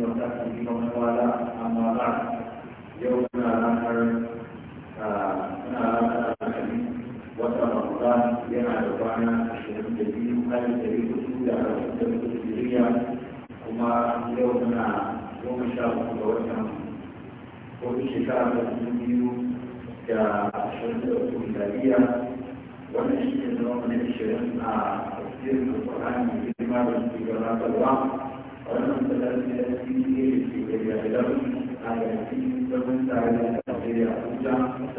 وصحبه ومن والاه أما بعد يومنا آخر أنا wata ramadan yana da kwana ashirin da biyu hali da da da hijiriya kuma yau muna goma sha uku ga watan kudin shekara da biyu da ashirin da uku miladiya wannan shi ne zama a tafsirin alƙur'ani girma da wannan masallaci da shi ne ke da yadda a yankin zaman tare da Najeriya Abuja wanda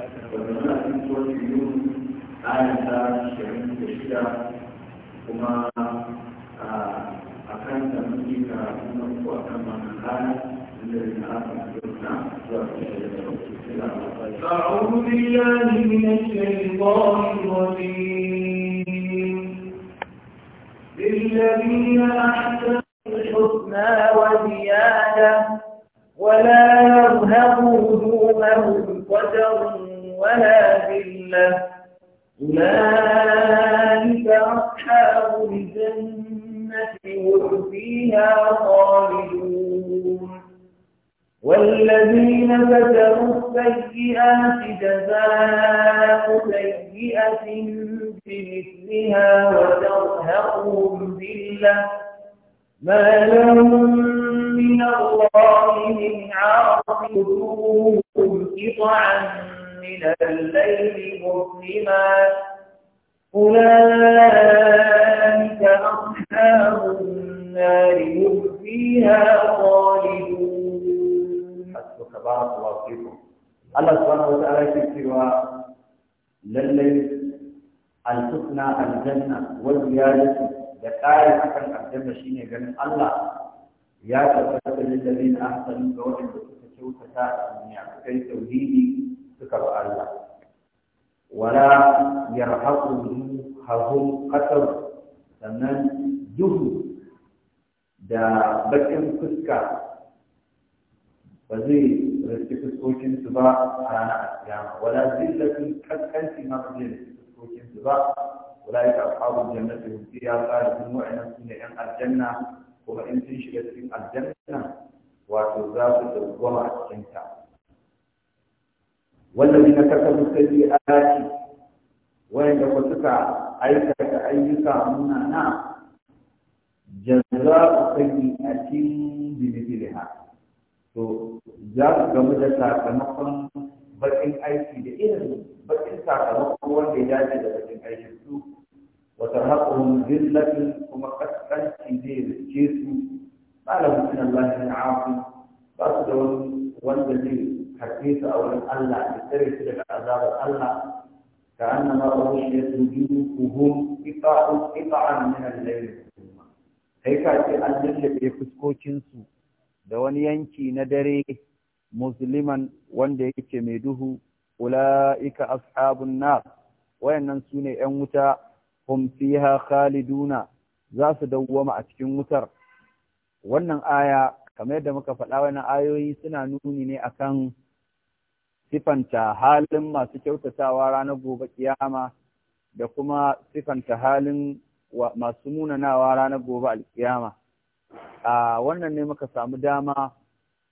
muna cikin tuwon yiwu ayata shirin da shida kuma a kan da muke karatu na da أعوذ بالله من الشيطان الرجيم للذين أحسنوا الحسنى وزيادة ولا يرهب وجوههم قدر ولا ذلة أولئك أصحاب الجنة هم فيها خالدون والذين بدروا السيئات جزاء سيئة بمثلها وترهقهم ذلة ما لهم من الله من عاصم وجوههم قطعا من الليل مظلما أولئك أصحاب النار هم فيها خالدون حسبك بارك الله فيكم الله سبحانه وتعالى سوى للليل الحسنى الجنة والزيادة da ƙarin akan aljanna shine ganin Allah ya tabbata lil ladina ahsanu ga wanda suka kyautata a duniya kai tauhidi suka ba Allah wala yarhaqu hum qatar sannan duhu da bakin fuska ba zai fuskokin su ba a ranar asiyama wala zillatin kaskanci ma ba zai fuskokin su ba ulaika ashabul jannati hum fiha khalidun wa inna sunna yan aljanna kuma in sun shiga cikin aljanna wato za su dawwama a cikin ta wallazina kasabu sayyi'ati wanda ko ayyuka munana jaza'u sayyi'atin bi mithliha to za ku gamu da sakamakon bakin aiki da irin bakin sakamakon wanda ya dace da bakin aiki su وترهقهم ذلة ثم قد في الجيس ما لهم من الله من عاصم فأصدر والذي حكيت أو أن الله يترك لك عذاب الله كأنما غشيت وجوههم قطعا قطعا من الليل kai ka ce an lullube fuskokinsu da wani yanki na dare musliman wanda yake mai duhu ula'ika ashabun nar wayannan su ne 'yan wuta hum fiha khaliduna za su dawwama a cikin wutar wannan aya kamar yadda muka faɗa wannan ayoyi suna nuni ne akan sifanta halin masu kyautatawa ranar gobe kiyama da kuma sifanta halin masu munanawa ranar gobe alkiyama a wannan ne muka samu dama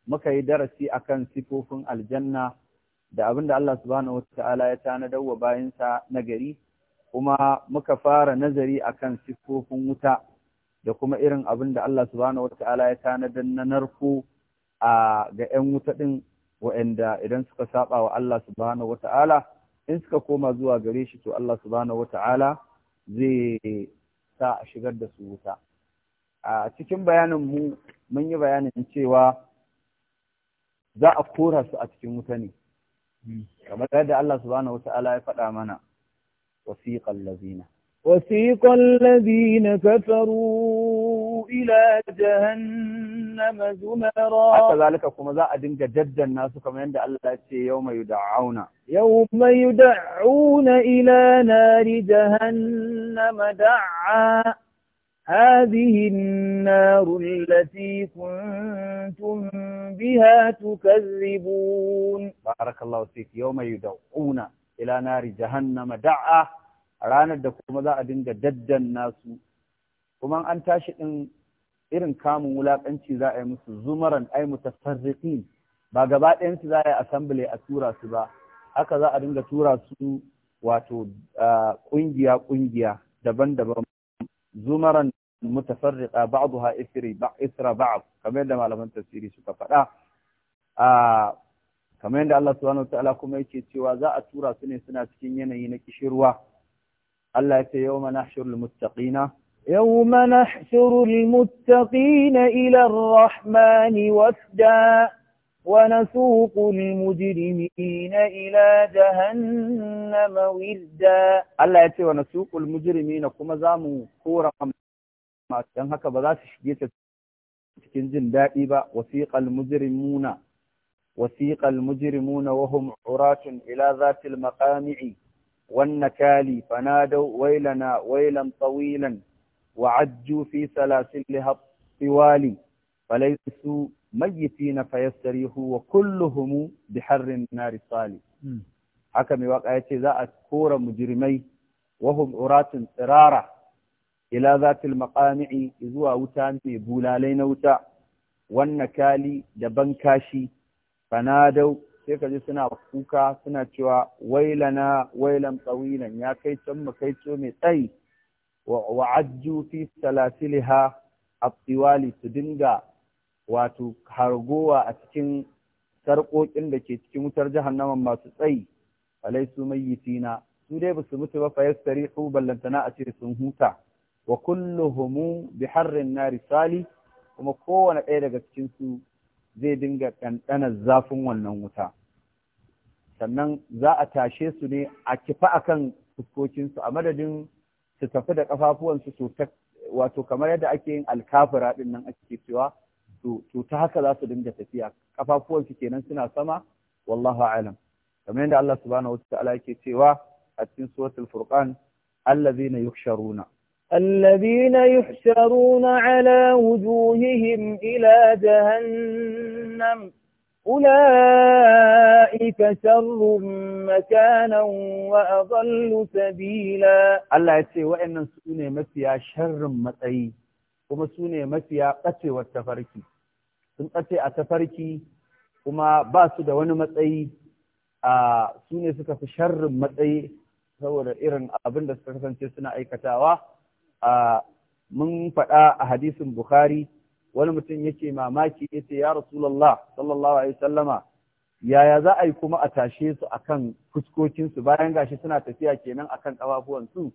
muka yi darasi akan sifofin aljanna da abin da Allah subhanahu wa ta'ala ya tana wa bayinsa na gari kuma muka fara nazari akan siffofin wuta da kuma irin abin da Allah subhanahu ta'ala ya tanadar na narko a ga 'yan wuta ɗin wa'anda idan suka saba wa Allah subhanahu ta'ala in suka koma zuwa gare shi to Allah subhanahu ta'ala zai sa a shigar da su wuta a cikin bayanin mu mun yi bayanin cewa za a kora su a cikin wuta ne hmm. kamar yadda Allah subhanahu ta'ala ya faɗa mana وثيق الذين وثيق الذين كفروا إلى جهنم زمرا حتى ذلك كما ذا أدنك جد الناس كما يندى الله يوم يدعون يوم يدعون إلى نار جهنم دعا هذه النار التي كنتم بها تكذبون بارك الله فيك يوم يدعون ila nari jahannama da'a ranar da kuma za a dinga daddan nasu. kuma an tashi din irin kamun wulakanci za a yi musu zumaran ai mutafarriqin ba gaba ɗayan su za a yi assembly a tura su ba haka za a dinga tura su wato kungiya kungiya daban-daban zumaran mutafarriqa ba'daha isra ba'd kamar yadda malaman tafsiri suka faɗa kamar yadda Allah subhanahu wataala kuma yake cewa za a tura su ne suna cikin yanayi na kishirwa Allah ya ce yawma nahshurul muttaqina yawma nahshurul muttaqina ila ar-rahmani wafda wa nasuqu al-mujrimina ila jahannama wirda Allah ya ce wa nasuqu al-mujrimina kuma zamu kora dan haka ba za su shige ta cikin jin daɗi ba wasiqal mujrimuna وسيق المجرمون وهم عراة إلى ذات المقامع والنكالي فنادوا ويلنا ويلا طويلا وعجوا في سلاسلها الطوال فليسوا ميتين فيستريحوا وكلهم بحر النار صالي حكم mai waka ya ce وهم عراة kora إلى ذات المقامع tsirara أوتان بولالين أوتا والنكالي wuta fanadau sai ka ji suna kuka suna cewa wailana wailan tsawilan ya kai can mu kai co mai tsayi wa ajju fi salasiliha abtiwali su dinga wato hargowa a cikin sarƙoƙin da ke cikin wutar jahannaman masu tsayi alai su mayyitina su dai ba su mutu ba fa su ballantana a ce sun huta wa kulluhum bi harrin nari sali kuma kowane ɗaya daga cikin su zai dinga ɗanɗanar zafin wannan wuta sannan za a tashe su ne a kifa a kan fuskokinsu a madadin su tafi da ƙafafuwansu wato kamar yadda ake yin alkafira ɗin nan ake cewa to ta haka za su dinga tafiya ƙafafuwansu kenan suna sama wallahu alam kamar yadda Allah subhanahu wa ta'ala yake cewa a cikin suratul furqan allazina yuhsharuna الذين يحشرون على وجوههم إلى جهنم أولئك شر مكانا وأضل سبيلا الله يتي وإن سوني مفيا شر متأي kuma su ne mafiya ɓacewar tafarki sun ɓace a tafarki kuma ba su da wani matsayi a su suka fi sharrin matsayi saboda irin abinda suka kasance suna aikatawa a mun faɗa a hadisin Bukhari wani mutum yake mamaki yace ya Rasulullah sallallahu alaihi wasallama yaya za a yi kuma a tashe su akan su bayan gashi suna tafiya kenan akan su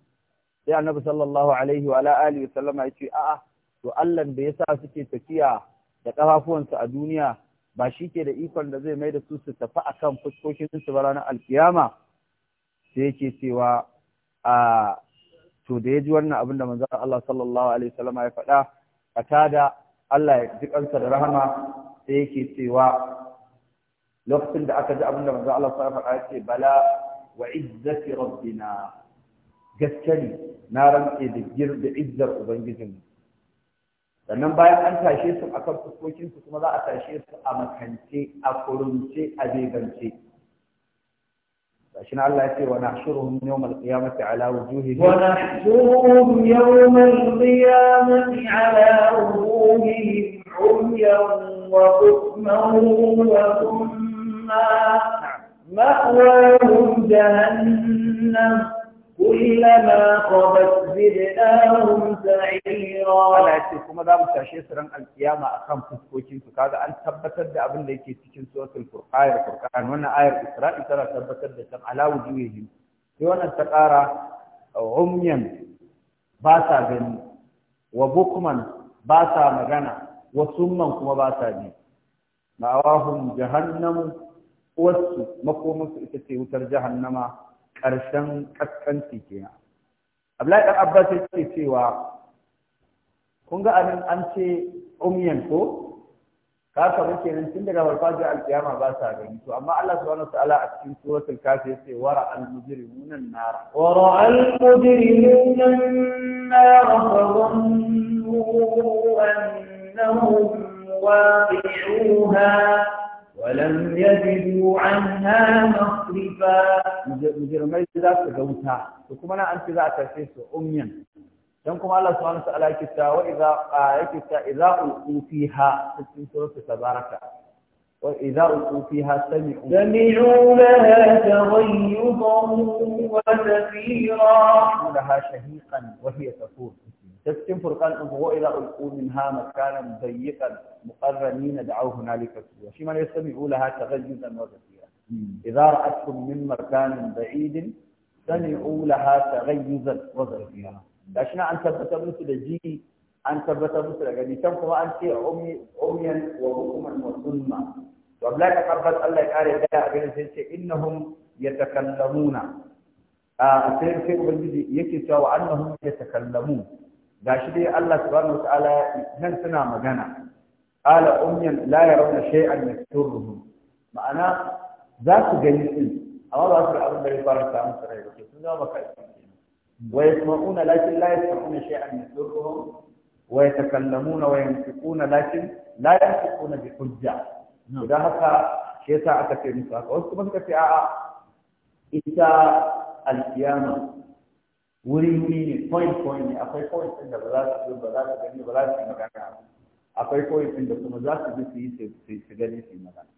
sai annabi sallallahu alaihi wa ala alihi wasallama yace a'a to Allah da yasa suke tafiya da kafafuwansu a duniya ba shi ke da ikon da zai mai da su su tafi akan su ba ranar alkiyama sai yake cewa a to da ya ji wannan abin da manzon Allah sallallahu alaihi wasallam ya faɗa tada Allah ya ji kansa da rahama sai yake cewa lokacin da aka ji abin da manzon Allah sallallahu alaihi wasallam ya ce bala wa izzati rabbina gaskani na rantse da girda izzar ubangijinmu sannan bayan an tashe su akan fuskokinsu kuma za a tashe su a makance a kurunce a begance عشان الله يقول ونحشرهم يوم القيامة على وجوههم ونحشرهم يوم القيامة على وجوههم عميا وبكما وثما نعم. مأواهم جهنم كلما خبت زدناهم سعيرا ولا تكما ذا متاشي سرن القيامة أخام فسكوكين فكذا أن تبتت دا أبن ليكي تكين سورة القرآن القرآن وانا آية إسراء ترى تبتت دا على وجوههم وانا تقارى عميا باسا غني وبكما باسا مغنى وسما كما باسا دي مأواهم جهنم وسو مقومس إتسي وتر جهنم ƙarshen ƙasƙanci kenan Abdullahi ɗan Abbas yake cewa kun ga anan an ce umiyan ko ka samu nan, tun daga farfajiyar alƙiyama ba sa gani to amma Allah wani wataala a cikin suratul kafi yace wara al mujrimuna wara al annahum ولم يجدوا عنها مصرفا مجرمai za su ga wuta to kuma na an za a tafe su umyan dan kuma Allah subhanahu wa ta'ala yake ta wa idza yake ta idza ulqu fiha cikin surah tabaraka wa idza ulqu da cikin furqan an wa idza ulqu minha makanan dayyiqan muqarranin da'aw hunalika suwa shi ma yastami'u laha taghayyudan wa kathira idza ra'atkum min makanin ba'idin sami'u laha taghayyuzan wa zarfiya gashi na an tabbatar musu da ji an tabbatar musu da gani can kuma an ce umyan wa hukuman wa sunna to Abdullahi Abbas Allah ya a ganin sai ce innahum sai ubangiji yake cewa annahum yatakallamun gashi dai Allah subhanahu wataala nan suna magana ala umyan la yarawna shay'an yasturruhum ma'ana za su gani din amma ba su da abin da ya fara ta musu rai ba sun zama baka wa yasma'una lakin la yasma'una shay'an yasturruhum wa yatakallamuna wa yanfiquna lakin la yanfiquna bi hujja idan haka shi yasa aka ce musu haka wasu kuma suka ce a'a ita alkiyama wurin ne ne point point ne akwai point ɗin da ba za su zo ba za su gani ba za su yi magana akwai point ɗin da kuma za su zo, su yi su gani su yi magana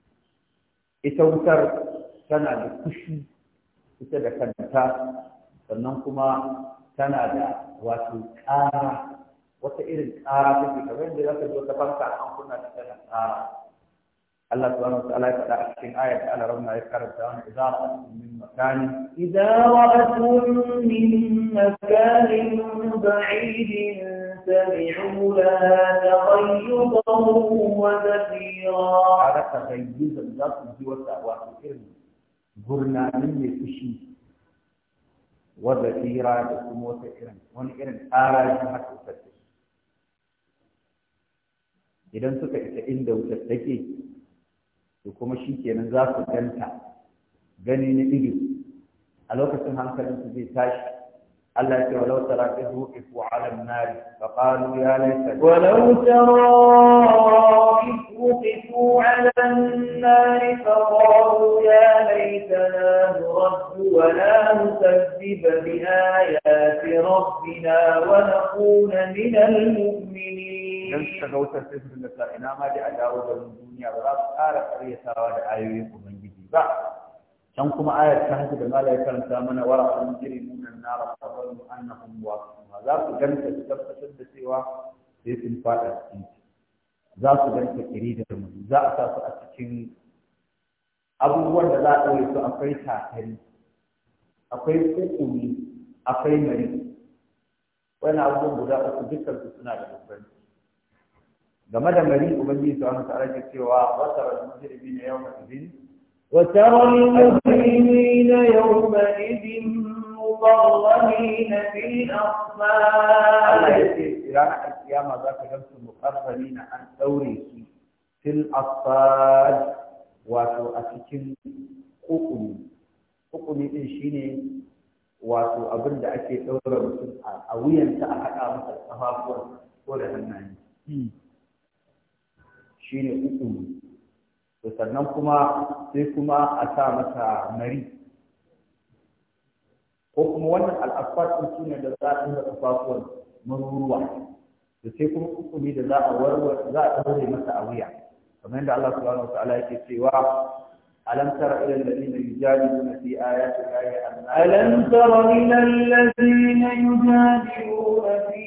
ita wutar tana da kushi ita da kanta sannan kuma tana da wato ƙara wata irin ƙara take kamar yadda za ka zo ta fanka an kuna ta tana ƙara الله سبحانه وتعالى يقرأ في آية على ربنا يذكر الدوام إذا رأتهم من مكان إذا رأتهم من مكان بعيد سمعوا لها تغيظا وزفيرا هذا تغيظ الذات جوا الأهواء الكرم برنامج الشيء وزفيرا بسمو سكرم ونكرم آلاء حتى تسكر إذا سكت عند وتتكي to kuma shi kenan za su ganta gani na ido a lokacin hankalinsu zai tashi التي ولو ترى إذ وقفوا على النار فقالوا يا ليت ولو ترى إذ وقفوا على النار فقالوا يا ليتنا نرد ولا نكذب بآيات ربنا ونكون من المؤمنين. لن تغوت السجن النساء إنما لأداوة الدنيا ولا تقارب أي سواد آيوي ومن جديد can kuma ayar ta haka da mala karanta mana wara an jiri munan nara fasalu annahum waqifuna za su ganta su tabbatar da cewa sai sun fada cikin za su ganta kiri da mu za a sa su a cikin abubuwan da za a ɗaure su akwai tatari akwai kukumi akwai mari wani abubuwan guda uku dukkan su suna da babban game da mari ubangiji subhanahu wa ta'ala ke cewa wasarar mujrimina yawma idin وترى المجرمين يومئذ مقرنين في الأصفاد رانا القيامة ذاك شمس المقرنين عن ثوريك في الأصفاد واتو أتكن قوقني قوقني إن شيني wato abin da ake ɗaura mutum a wuyanta a haɗa masa ƙafafuwan ko da hannaye shi ne uku to sannan kuma sai kuma a sa masa mari ko kuma wannan al'afafin su ne da za a ɗaura kafafuwan maruruwa da sai kuma kukumi da za a warware za a ɗaure masa a wuya kamar yadda Allah subhanahu wa ta'ala yake cewa alam tara إلى الذين yujadiluna fi ayati allahi alam tara إلى الذين yujadiluna fi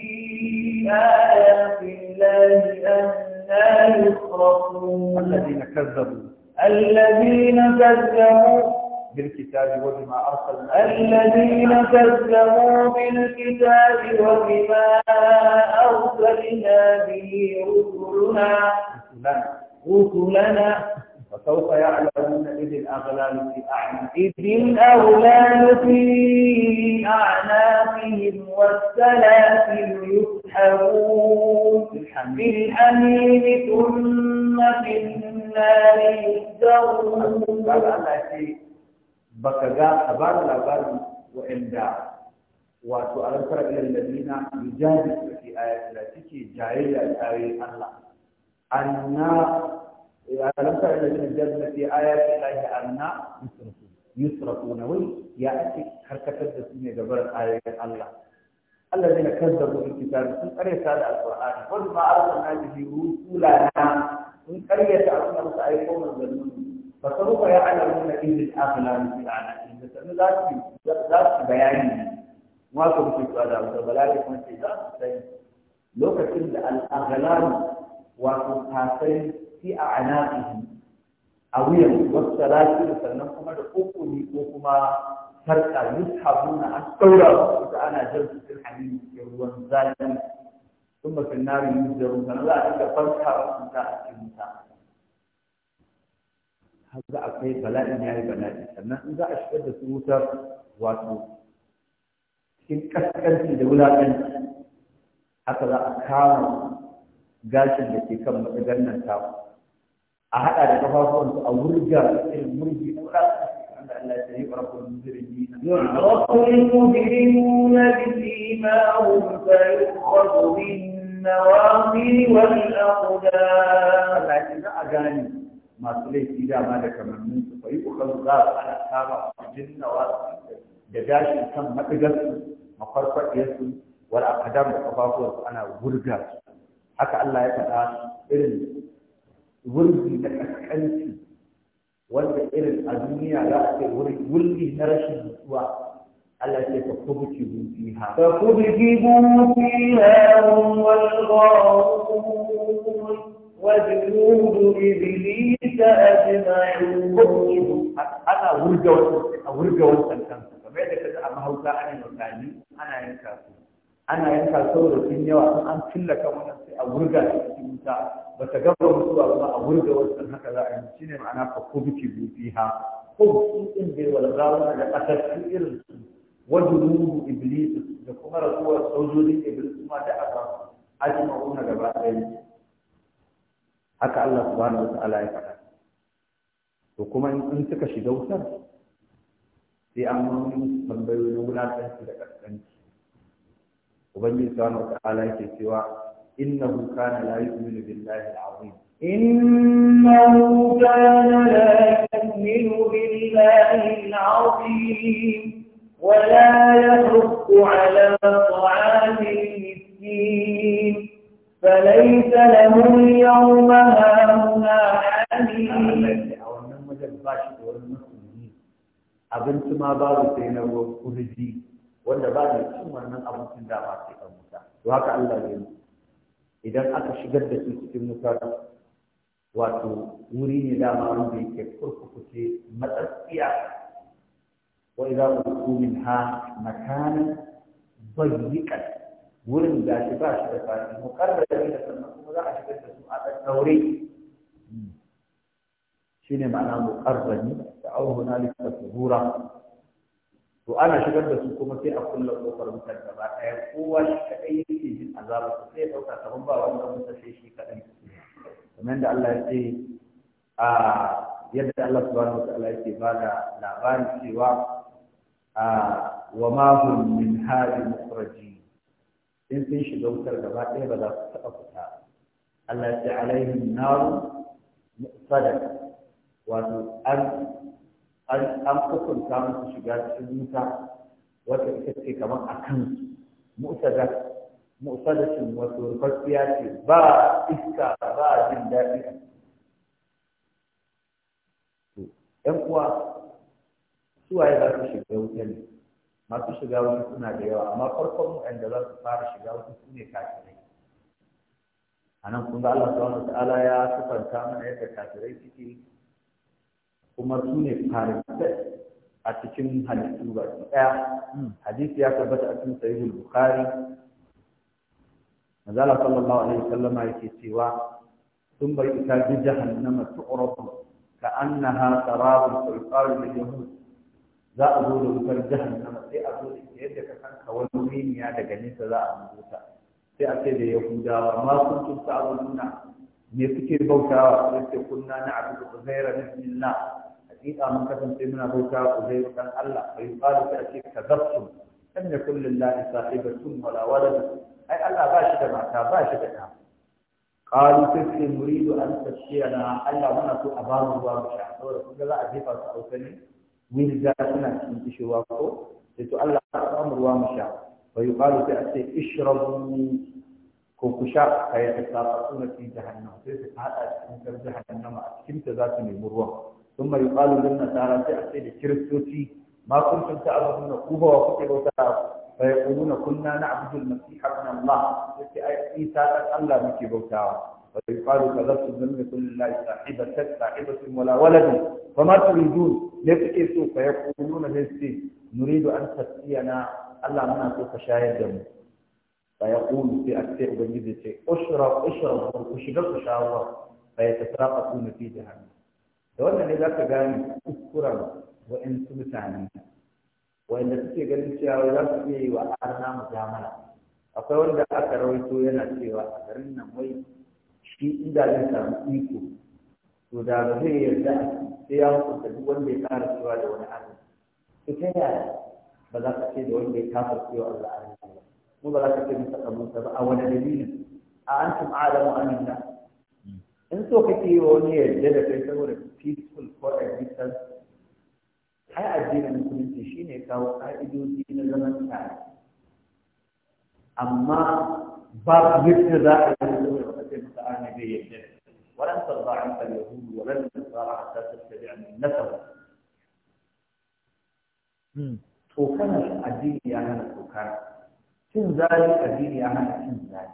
ayati allahi الذين كذبوا الذين كذبوا بالكتاب وبما أرسلنا الذين كذبوا بالكتاب وبما أرسلنا به رسلنا رسلنا وسوف يعلمون إذ الأغلال في أعناقهم الأغلال في أعناقهم والسلاسل يسحبون في الحميم ثم في النار يسجرون بكذا خبر لبر وإمداد وسؤال ترى إلى الذين يجادل في آيات لا تكي جاهلا آية الله أن alam tara alladhina jazna fi ayati allahi anna yusrafuna wai ya ake karkatar da su ne da bar ayoyin allah alladhina kazzabu bil kitabi sun karyata da alqur'ani wa ma arsalna bihi rusulana sun karyata annabi sallallahu alaihi wa sallam zalmun fa sarufa ya alamuna idh al aqlam fi alaqi da sanu zaki zaki bayani wa ko bi tuwa da wa balaghi kun ce da lokacin da al wa ko tasai fi a anaqihi a wuyan wasu salatu sannan kuma da kokoni ko kuma sarka yushabuna an daura su da ana jan su cikin da ruwan zafi sun ba fin yin yuzarun sannan za a dinga farka su ta a cikin ta haka akwai bala'in yayi bala'i sannan in za a shigar da su wutar wato cikin kaskanci da wulaƙanci haka za a kama gashin da ke kan matsagar nan taku a haɗa da ƙafafuwansu a wurga irin murji na wurin wanda Allah ya tsaye wa rabbul mujrimin yurakul mujrimun bi ma hum fa yukhadhu min nawami wal aqdar lakin a gani masu laifi dama da kamannin su fa yukhadhu za a jinna da gashin kan madigarsu mafarfadiyarsu wal aqdar da ƙafafuwansu ana wurga haka Allah ya faɗa irin wurbi na kaskanci wanda irin a duniya za a ce wurbi na rashin nutsuwa Allah ce ka kubuci fiha ka kubuci fiha wal gharun wa junud iblis ajma'un ana wurga wannan a wurga wannan kan kamar yadda kaza a mahauta ana yin ana yin kasu ana yanka saboda sun yawa in an killaka wannan sai a gurga shi cikin wuta ba ta gaba mutuwa ba a gurga wasu haka za a yi shine ma'ana fa kubiki Ko su din bai wala zawo da kasar irin su wajunubu iblis da kuma rasuwar sojoji iblis kuma da aka ajma'una gaba ɗaya haka Allah subhanahu bani wasu ya faɗa to kuma in suka shiga wutar sai an mun tambayoyi na wulaƙanci da ƙasƙanci وبني سبحانه وتعالى في سوى إنه كان لا يؤمن بالله العظيم إنه كان لا يؤمن بالله العظيم ولا يحق على طعام المسكين فليس له اليوم هاهنا حميم أبنت ما بعد سينا وكل جيد wanda ba ne cin wannan abincin da ba sai kan wuta to haka Allah ya yi idan aka shigar da su cikin wuta wato wuri ne dama wanda yake kurkukuce matsatsiya wa idza ulqu minha makana dayyiqan wurin da shi ba shi da fadi muqarrabi da sannan kuma za a shigar da su a dan daure hmm. shine ma'ana muqarrabi da auhuna lika tuhura to ana shigar da su kuma sai a kulla kofar wutar gaba ɗaya kowa shi kaɗai yake jin azaba su sai ɗauka kamar ba wanda wuta sai shi kaɗai kamar da Allah ya ce a yadda Allah subhanahu wataala yake ba da labari cewa a wa ma hum min hadi mukhraji in sun shiga wutar gaba ɗaya ba za su taɓa fita Allah ya ce alaihim naru mu'sadat wato an an kukunta musu shiga cikin wuta wata ita ce kamar a kan mu'tada mu'tadatin wato rufafiya ce ba iska ba jin daɗi Yan ɗan uwa suwaye za su shiga wuta ne masu shiga wuta suna da yawa amma farkon mu da za su fara shiga wuta su ne kafirai a nan kun ga Allah subhanahu ta'ala ya sufanta mana yadda kafirai suke kuma su ne farisai a cikin halittu ba ɗaya hmm. hadisi ya tabbata a cikin sahihul bukhari mazala sallallahu alaihi wasallama yake cewa sun bai ita bi jahannama tu'rafu ka annaha sarabun sulqar lil yahud za a zo da wutar jahannama sai a zo da yadda ka kanka wani winiya daga nesa za a ta. sai a ce da yahudawa ma kun tunta abun nuna me kuke bautawa sai kunna na abu da zaira na. hakika mun kasance muna bauta ku dai bakan Allah ko in ba ka ce ka zabtu kana kullu lillahi sahibi kun wala wala ai Allah ba shi da mata ba shi da ta qalu muridu an tashiyana Allah muna so a bamu ba mu sha saboda kun za a ji fa su aukani mun ji da suna cikin kishowa ko Allah ya samu ruwa mu sha wa yuqalu ta ati ishrabu ko ku sha kai da safa kuma ki jahannama sai su fada cikin jahannama a cikinta ta zaka nemi ruwa ثم يقال لنا للنصارى تأتي للكريستوسي ما كنتم تعبدون كوبا وكتبوا فيقولون كنا نعبد المسيح ابن الله التي عيسى آية إيه الله مكي بوتاوا فيقال كذبتم لم يكن لله صاحبة صاحبة ولا ولد فما تريدون نفكسوا فيقولون هستي نريد أن تسقينا الله منا سوف شاهد فيقول في أكثر بنجد شيء أشرب أشرب وشدق شاور فيتساقطون في جهنم da wannan ne za ka gane kuskuren su mutane wanda suke ganin cewa za su iya yi wa arna mujamala akwai wanda aka rawaito yana cewa a garin nan wai shi inda zai samu iko to da ba zai yarda sai ya hukunta duk wanda ya kara cewa da wani abu? to ta yaya ba za ka ce da wanda ya kafa cewa Allah arna ba mu ba za ka ce masa kabunsa ba a wani dalilin a antum a'lamu aminna انتو كتير وني اللي ده بيسموه البيسفول فور ادي من كل شيء نكاو ايدو دي زمان تاعي اما باب ذكر ذا ولن ترضى عنك اليهود ولن ترضى حتى تتبع من نفسه توكان الدين يا انا توكان تنزل الدين يا انا تنزل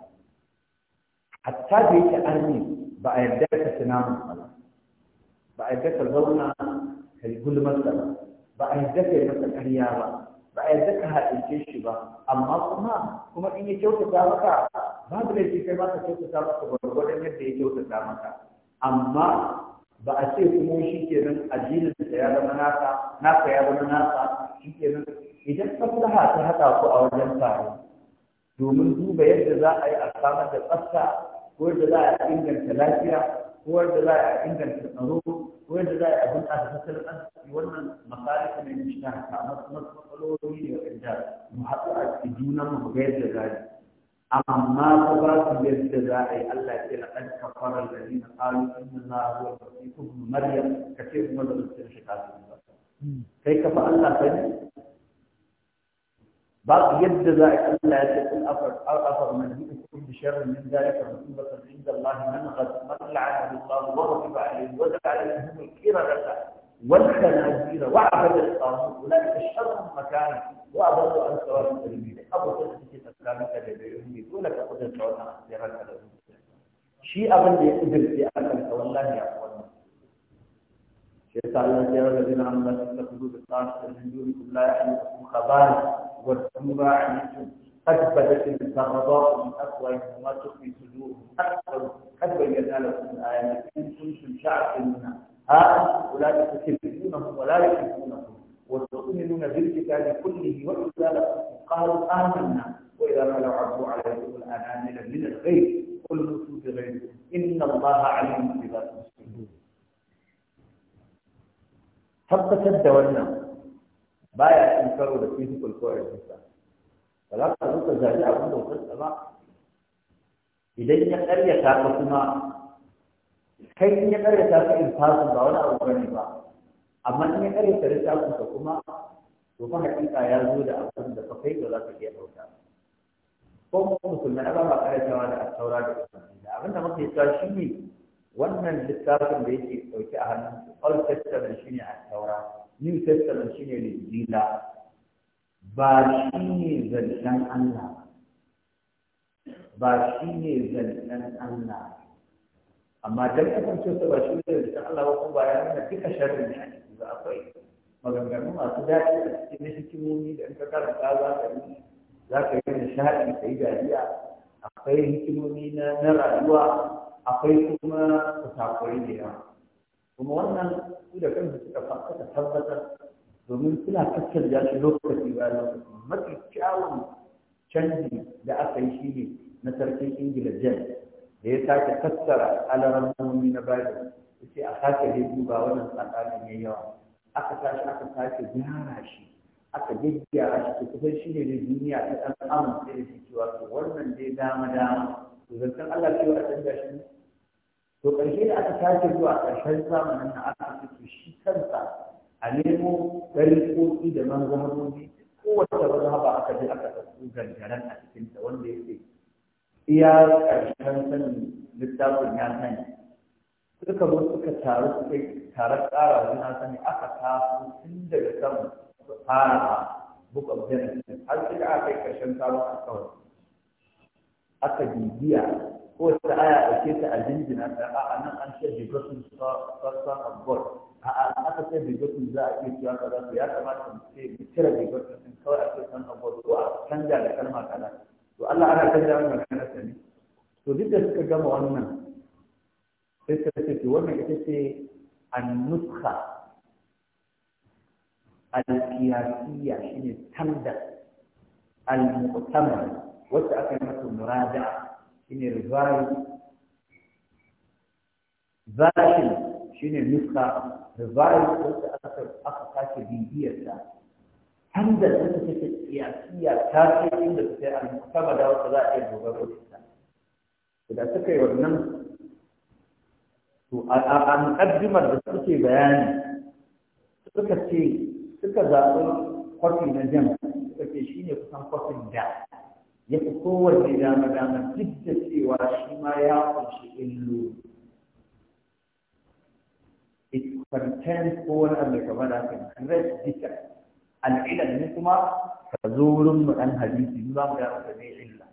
حتى بيت ارمين ba a yadda ka tuna masa ba ba a yadda ka zauna ka yi gulmarsa ba ba a yadda ka yi masa ƙarya ba ba a yadda ka haɗe shi ba amma kuma kuma in ya kyautata maka ba da laifi kai ma ka kyautata maka gwargwadon yadda ya kyautata maka amma ba a ce kuma shi nan addinin da ya zama naka naka ya zama naka shi nan idan fi ta haɗa ku a wajen taro domin duba yadda za a yi a samar da tsafta ko za a inganta lafiya ko za a inganta tsaro ko yadda za a abin da tattalin arziki wannan masalika ne mu shiga haka matsaloli ne wanda mu haɗu a cikin junan mu ga yadda za a amma ko ba su yadda za a yi Allah ya ce la na kafara alladhina qalu inna allaha da al kuma ibn maryam ce kuma da mutum shi kafin ba hmm. kai ka fa Allah sani بعض يد ذلك لا ألا يتقل أفر من كل شر من ذلك مصيبة عند الله من غد من لعنه الله وغضب عليه ودع عليه وجعل منهم الكردة والخنازير وعبد الطاغوت أولئك الشر مكانا وأضل أن سواء السبيل أبو تسكت أسلامك لديهم يقول لك قد الصوت عن سيرك شيء أبن يقدر في أكلك والله يا أخوانا شيء تعالى يا الذين عملوا في الحدود بالطاعة من دونكم لا يحلفكم خبائث والتوبة عليكم قد بدت البغضاء من أقوى ما تخفي صدورهم أكثر قد بينا لكم الآيات إن كنتم شعب منها ها أولئك تكذبونهم ولا يكذبونكم وتؤمنون بالكتاب كله وإذا لكم قالوا آمنا وإذا خلوا عبدوا عليكم الأنامل من الغيب قل موتوا بغيركم إن الله عليم بذات الصدور tabbatar da baya cin karo da physical ko register ba za ka zo ka zaɓi abin da wutar ba idan ya karya ka kuma kai in ya ta ka in fasu ba wani abu bane ba amma in ya karya ta littafin ka kuma to fa hakika ya zo da abin da fa kai ba za ka iya ɗauka ko kuma ba ba ƙaryatawa da attaura da musulmai da abin da muka yi ta shi ne wannan littafin da yake ɗauke a hannun su all testament shi ne attaura new testament ne injila ba shi ne zancen Allah ba shi ne zancen Allah amma dan kasance sa ba shi ne zancen Allah ba kuma ya nuna duka sharri ne a cikin za akwai maganganu masu daɗi a cikin hikimomi da in ka karanta za ka yi za ka yi nishaɗi ka yi dariya akwai hikimomi na rayuwa akwai kuma kusakurai da yawa kuma wannan su da kansu suka fasaka tabbatar domin suna tattalia shi lokaci Ba lokaci mafi kyawun canji da aka yi shi ne na sarkin ingila jen da ya sake tattara alarammomi na bible ya ce a sake dai duba wannan tsakanin ya yawa aka tashi aka sake gyara shi aka gyaggyara shi to kusan shi ne da duniya ta ɗan amince da shi cewa wannan dai dama dama to zancen allah ce wa a canja shi to ƙarshe da aka sake zuwa ƙarshen zamanin na aka fito shi kansa a nemo ɗariƙoƙi da manzanoni kowace haɓa aka je aka ɗauko gangaren a cikinta wanda ya ce. iya ƙarshen sanin littafin ya sani suka zo suka taru suka yi tsara juna sani aka taso tun daga su fara book of genesis har suka aka yi ƙarshen sabon alƙawari aka bibiya ko ta aya a ke ta a jinjina ta a nan an ce bigatun sassan abuwar a aka ce bigatun za a ke cewa ya kamata mu ce mu cire bigatun din kawai a ce san abuwar ko a canja da kalma kaza to Allah ana canja wannan magana ta ne to duk da suka gama wannan sai ta ce to wannan ita ce an-nuskha al-qiyasiyya shine tanda al wacce aka yi masa muraja'a shine rivai zashin shine nuska rivai wanda aka aka sake bibiyar ta har da take take siyasiya ta ce inda ta yi almukama da wata za a iya dogaro da ta da suka yi wannan to a muƙaddimar da suke bayani suka ce suka zaɓi kwafi na jam suka ce shi ne kusan kwafin da ya fi kowace dama dama duk da cewa shi ma ya kunshi illu it contains ko wani abu kamar da haka red dika al'ilal ne kuma ka zo wurin mu dan hadisi mu za mu ga maka ne illa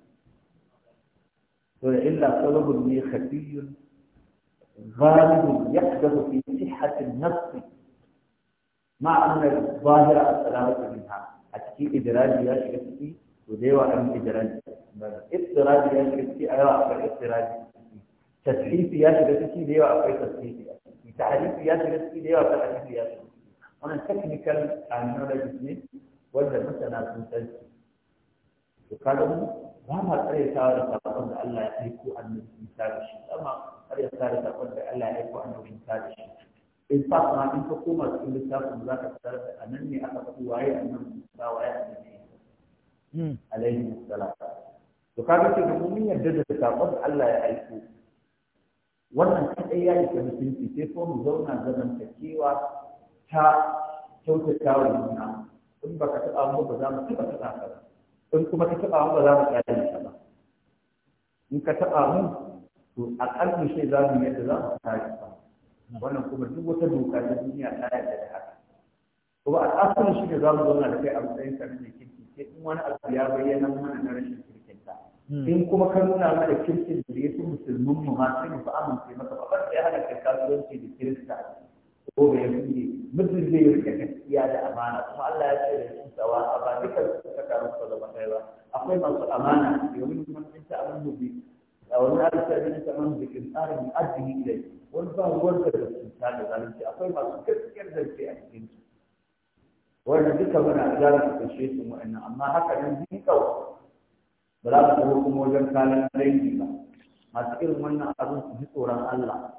to da illa sababun ne khafiyun غالب يحدث في صحة النفس مع أن الظاهرة السلامة منها أتكي إدراج يا شيخي ودي وعم اجران اضطراد ينكتي ايوا اكبر اضطراد تسحيف يا جلسي ليوا اكبر تسحيف تعريف يا جلسي ليوا اكبر تعريف يا جلسي وانا تكنيكال نولج دي ولا مثلا كنت وقالوا وما تري صار تقول الله يحيكو ان مثال شيء اما تري صار تقول الله يحيكو ان مثال شيء in fact ma in hukumar in lissafin za ka tsara da anan ne aka fi waye annan ba waye annan ne Hmm. alaihi salam to kaga ce da mun yarda da sakon Allah ya aiko wannan kadai ya isa mutunci sai ko mu zauna zamantakewa ta kyautata wa juna in baka taɓa mu ba za mu taɓa taɓa ka ba in kuma ka taɓa mu ba za mu kyale ka ba in ka taɓa mu to aƙalla shi za mu yadda za mu kare ka wannan kuma duk wata doka ta duniya ta yadda da haka kuma al'asirin shi ne za mu zauna da kai a matsayin ka ne in wani abu ya bayyana mana na rashin kirkin hmm. in kuma ka nuna mana kirkin da ya fi musulmin mu ma sai mu fa amince maka ba sai ya hada kasuwanci da kirista ko da ya fi mutum zai yi da gaskiya da amana kuma Allah ya ce da su tsawa a ba duka su ka karu su zama kai ba akwai masu amana domin kuma sun ta abin mu bi a wani harsa da ta amana da ke tsarin addini da wani ba ruwan da su ta da zalunci akwai masu gaskiyar da ke a cikin su wannan duka muna gyara su kashe su amma haka nan bi kawo ba za su tafi kuma wajen kalan dangi ba masu irin wannan abin su ji tsoron Allah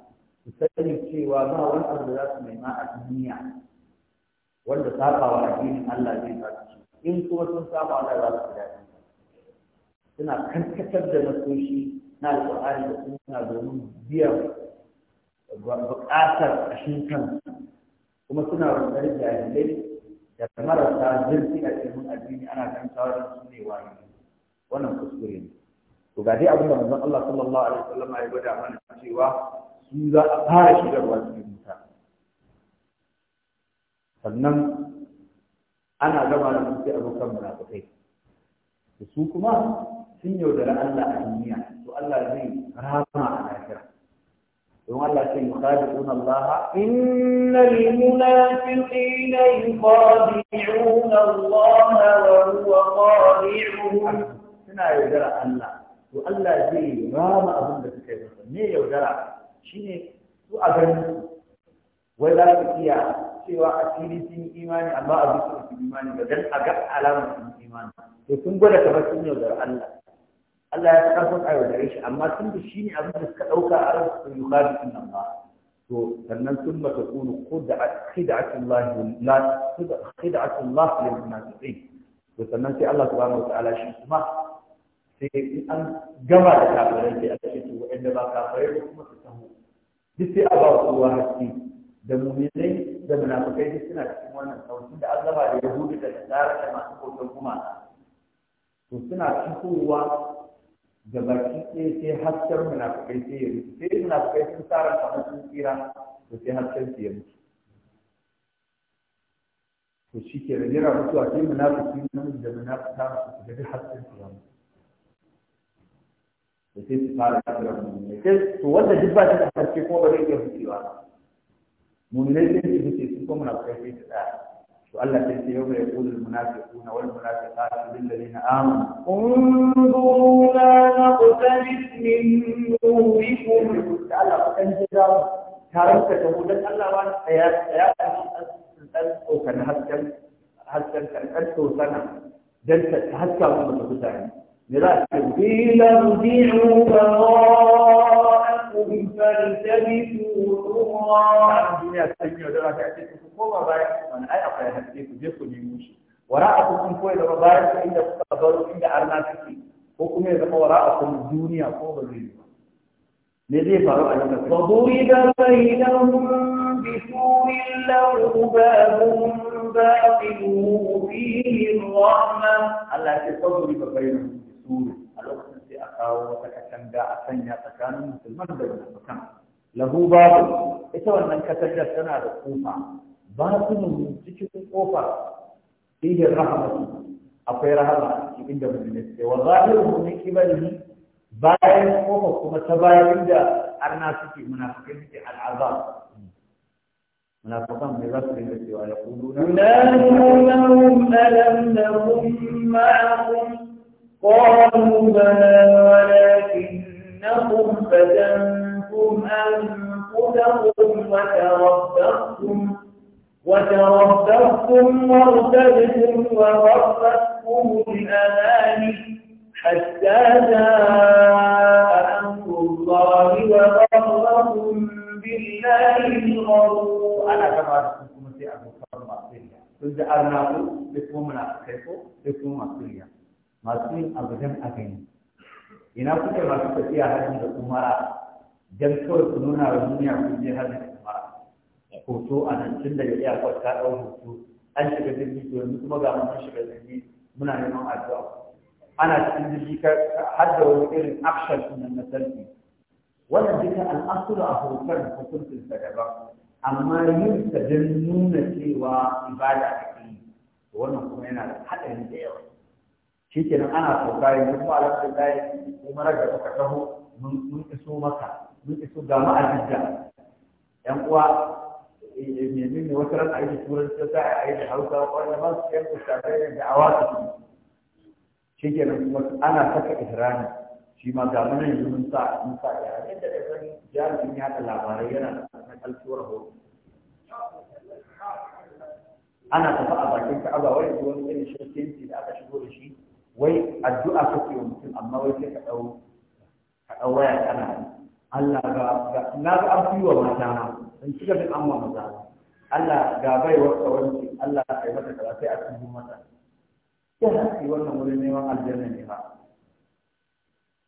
su sani cewa ba wani abu da za su ma a duniya wanda wa addinin Allah zai ba su in kuma sun saba Allah za su dace suna kankatar da nasoshi na alƙur'ani da suna domin biyan buƙatar ƙashin kansu kuma suna da jahilai da marasa zurfi a cikin addini ana kan tsawon su ne wani wannan kuskure ne to ga dai abin da manzon Allah sallallahu alaihi wasallam ya gwada mana cewa su za a fara shigarwa cikin wuta sannan ana gama da su sai abokan munafikai su kuma sun yaudara Allah a duniya to Allah zai rama a don Allah sai yukhadi'un Allah innal munafiqina yukhadi'un Allah wa huwa qadi'uhum suna yaudara Allah to Allah zai rama abin da suka yi masa me yaudara shine su a ganin wai za cewa a fili sun imani amma a bisa su imani ba dan a ga alamar sun imani to sun gwada kamar sun yaudara Allah Allah ya taɓa son aiwatar shi amma sun da shi ne abin da suka ɗauka a ran su yi kafi in nan ba to sannan sun mata kunu ko da ake da khida'atullah khida'atullah lil munafiqin to sannan sai Allah subhanahu wa ta'ala shi kuma sai in an gama da kafirai sai aka ce to wa'anda ba kafirai ba kuma su taho duk sai a ba kowa haske da muminai da munafikai duk suna cikin wannan sauki da an da yahudi da nasara da masu bautar kuma to suna fitowa da baki ɗaya sai hasken munafukai sai ya mutu sai munafukai sun tsara kamar sun tsira to sai hasken su ya mutu to shi ke da jira mutuwa sai munafuki namiji da munafuka su ga hasken su ya mutu da sai su fara tsira mummune to wanda duk ba shi da haske kuma ba zai iya mutuwa mummune sai su mutu munafukai sai su tsaya وألا تنسي يوم يقول المنافقون والمنافقات للذين آمنوا انظرونا نقتبس من نوركم تعالى تنجدر تارك تقول الله وانا حياة حياة أو كان هسكن هسكن كان سنة جلسة هسكن من الغزاين ميراث قيل ارجعوا وراءكم فالتمسوا نورا الدنيا السنة ولا تعتقد koma bayan wani ai akwai haske ku je ku nemo shi wara'akum kun koyi zama bayan ku inda kuka baro inda arna suke ko kuma ya zama wara'akum duniya ko ba zai yi ba me zai faru a nan ba duriba bainahum bi surin lahu babun baqiluhu fihi rahma Allah ya tsawuri ba bainahum bi surin a lokacin sai a kawo wata katanga a sanya tsakanin musulman da musulman lahu babu ita wannan katangar tana da kufa batunin cikin kofa fihi rahmatu akwai rahama cikin da mutum ya wa zahiru min qibalihi bayan kofa kuma ta bayan da arna suke munafikai suke al'azab منافقان من رسل الله ويقولون ينادون لهم ألم نكن معكم قالوا بلى ولكنكم فتنتم أنفسكم وتربصتم وتربصتم وارتبتم وغرتكم الأماني حتى جاء أمر الله وغركم بالله الغرور أنا كما تكون في فجعلناه بكم منافقين بكم أصيليا masu abujan a gani ina kuke masu tafiya hajji da kumara don kawai su nuna hoto a nan tun daga iyakar ta ɗau hoto an shiga jirgi to yanzu kuma ga mun shiga jirgi muna neman addu'a ana cikin jirgi har da wani irin action din na sarki. wannan duka al'asulu a hotar da hukuncin sa daban amma yin sa don nuna cewa ibada ake yi to wannan kuma yana da haɗari da yawa shi kenan ana sauka yanzu kuma alhamdulillah kuma raga muka taho mun iso maka mun iso ga mu a yan uwa يمين وترى عايز تقول انت عايز حوطه وانا ما كنت مستعد لعواطف شيء انا انا فكر اهران شيء ما قال لنا انه انت انت يعني انت تقول جال في نهايه العباريه انا مثل صوره هو انا تفاعل كنت ابغى وين يقول ان الشركه انت لا تشغل شيء وي الدعاء في يوم في الموت او او انا الله لا لا امشي وما كان in cika bin amma maza Allah ga bai wata wani Allah ka yi mata kaza sai a cikin mata ya haƙi wannan wurin neman aljanna ne ba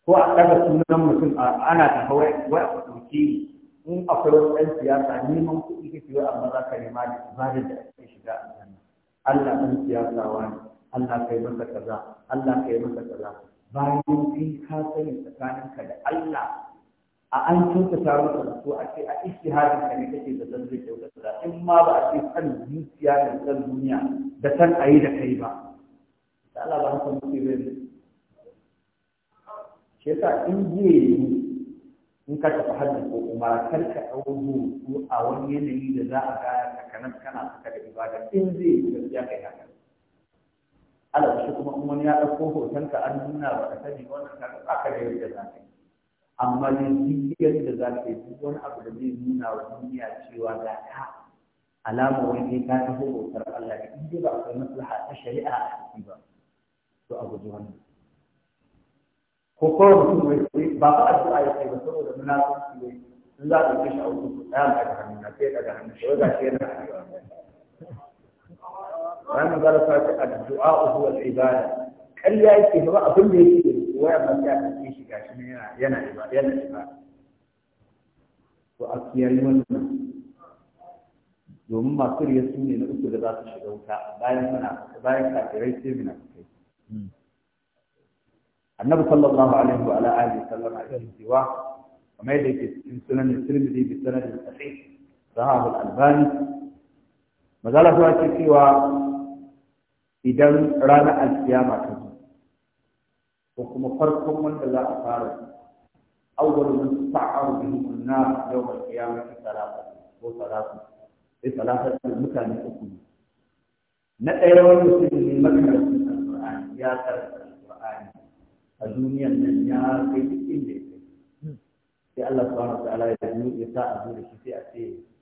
ko a ɗaga sunan mutum a ana ta hawa wai a ɗauki in akwai wani ɗan siyasa neman kuɗi kake yi amma za ka nema da ibada da ake shiga aljanna Allah ɗan siyasa wani Allah ka yi mata kaza Allah ka yi mata kaza bayan kai ka sani tsakaninka da Allah a an ta masa su a ce a hajji ka ne kake da ke zai kyautata in ma ba a ce kan zuciya da kan duniya da kan ayi da kai ba da Allah ba haka muke bai ke yasa in jiye yi in ka tafi hajji ko kuma kar ka ɗauko su a wani yanayi da za a gaya tsakanin kana saka da ibada in zai yi gaskiya kai haka Allah shi kuma in wani ya ɗauko hotonka an nuna ba ka sani wannan ka ka da yadda za amma ne da za ka yi wani abu da zai nuna wa duniya cewa ga ta alama wani kai ka bautar Allah da in ba akwai maslaha ta shari'a a ciki ba to a guji wannan ko kawai mutum wai ba fa addu'a ya kai ba saboda munafiki wai in za ka kashe auku ku tsaya ka ga hannu sai ka hannu sai ga shi yana wannan zarafa ta addu'a huwa ibada ƙarya yake ba abin da yake waya ba sai ya ɗauke shi gashi shi yana yana yana ibada to a kiyaye wannan domin masu riya su ne na uku da za su shiga wuta bayan muna bayan kafirai sai muna kai hmm. annabi sallallahu alaihi wa alihi sallam a cikin cewa kamar yadda yake cikin sunan tirmidhi bi sanadin sahih sahabu al-albani mazala ta ce cewa idan ranar alkiyama ta zo ko kuma farkon wanda za a fara awwal man ta'aru bihi an-nar yawm al-qiyamah salatu ko salatu sai eh, salatu mutane uku na ɗaya wani mutum ne makarar al-Qur'ani ya karanta al a duniyan nan ya kai duk inda ya kai sai Allah subhanahu wa ta'ala ya sa a zuwa shi sai a ce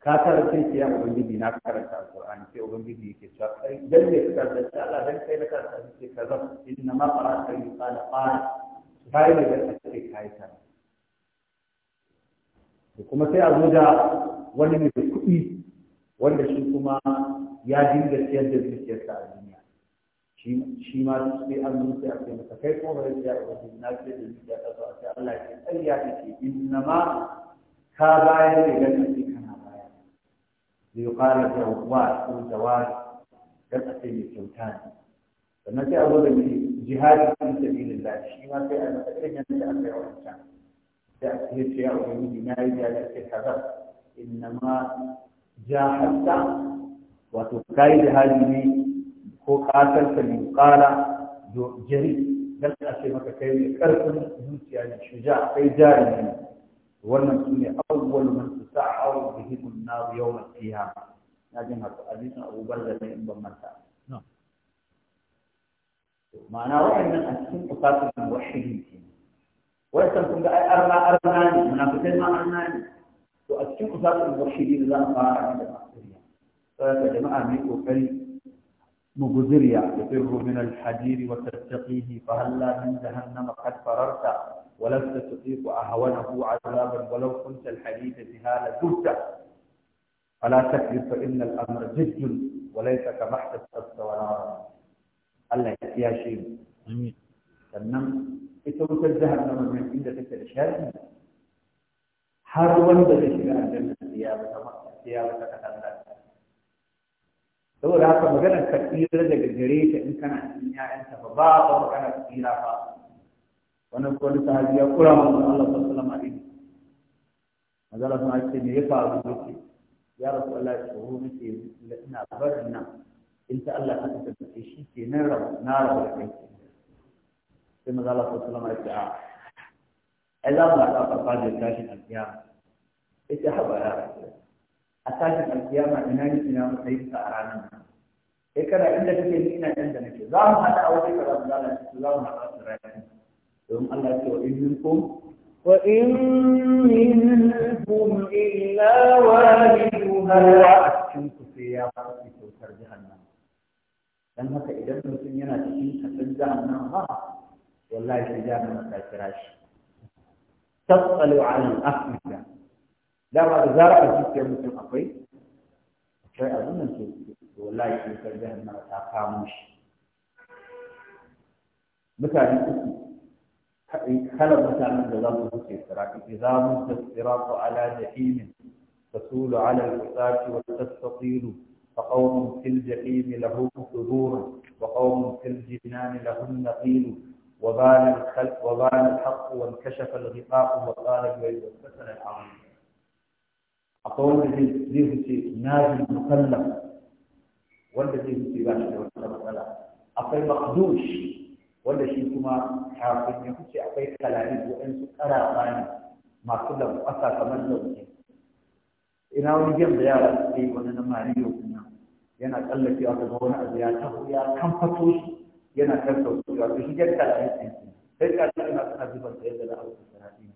ka karanta ki ya ubangiji na karanta alqur'ani sai ubangiji yake cewa kai dan ne ka karanta Allah dan kai na karanta sai kaza inna ma qara'ta li qala qala kai ne da kake kai ta kuma sai a zo da wani mai kuɗi wanda shi kuma ya dinga siyar da zuciyarsa a duniya shi ma sai an zo sai a ce masa kai kuma bari ya ubangiji na ce da zuciya ta zo a Sai Allah ya ce ai ya ce inna ma ka bayar da gaskiya da ya fara jawwa ko jawari don a sai mai kyauta ne sannan sai a zo da jihadi fi sabilillah shi ma sai a masa irin yadda aka yi wancan sai a ce ce ya ubangiji na yi jihadi sai hazar innama jahadta wato ka yi jihadi ne ko kasarsa mai kara jari dan a ce maka kai mai karfin zuciya ne shuja kai jari ne wannan su ne awwal man تسعر بهم النار يوم القيامة لكن أبينا أبو برزة إن بمنتها نعم معناه من أنتم قتاتل الموحدين فينا وإن كنت أرنا أرناني منافقين ما أرناني وأتكم قتاتل الموحدين لا نقارع عند الأخرية فيا جماعة ميكو كريم مبذرية تفر من الحجير وتتقيه فهلا من جهنم قد فررت ولست تطيق أهونه عذابا ولو كنت الحديث جهالة جبتا فلا تكذب فإن الأمر جد وليس كبحث السبت ونارا الله يا شيخ أمين تنم إتوك الزهر نمر من عند تلك الإشهاد حاروا عند تلك الأجنة سيابة سيابة كتابة لو راك مجرد تكبير لدى جريت إن كان الدنيا أنت فباطل وكان تكبيرها Wani ko ta sahabi ya kura manzo Allah sallallahu alaihi wasallam alaihi A Allah sun ce me ya faru yake ya rasu Allah ya tsoro nake ina barin nan in ta Allah ta tabbata shi ke nan rabu na rabu da kai sai maza Allah sallallahu alaihi wasallam ya ce a ah, ai za mu haɗa farfajiyar tashin alkiyama ita haɓa ya a tashin alkiyama ina ni ina yi ta a ranar nan kai eh, kana inda kake ni ina inda nake za mu haɗa a wajen karatu mu lalace za mu haɗa su rayuwa don Allah ce wa in minkum wa in minkum illa waliduha a cikin ku sai ya faɗi kyautar jahannama don haka idan mutum yana cikin kasar jahannama wallahi shi jahannama ta kira shi tasalu ala al-afida dama da zara a cikin mutum akwai akwai abin nan ke wallahi sai jahannama ta kamo shi mutane uku خلق mutanen da za mu wuce sirati idza mudda siratu ala jahim tasulu ala al فقوم في الجحيم لهم صدور وقوم في الجنان لهم نقيل وبان الخلق وبان الحق وانكشف الغطاء وقال الويل والحسن العظيم أقول الذي في ناجي مكلف والذي في باشا والمسألة أقول مقدوش wanda shi kuma kafin ya fice akwai kalali waɗansu ƙarafa ne masu lambasa kamar lauke ina wani gem da yara su yi wani na mariyo kuma yana wata ga wani abu ya taho ya kamfato shi yana kan sauƙiwa to shi jan kalali ɗin sai kalali yana suna zubar da yadda da a wuce sarari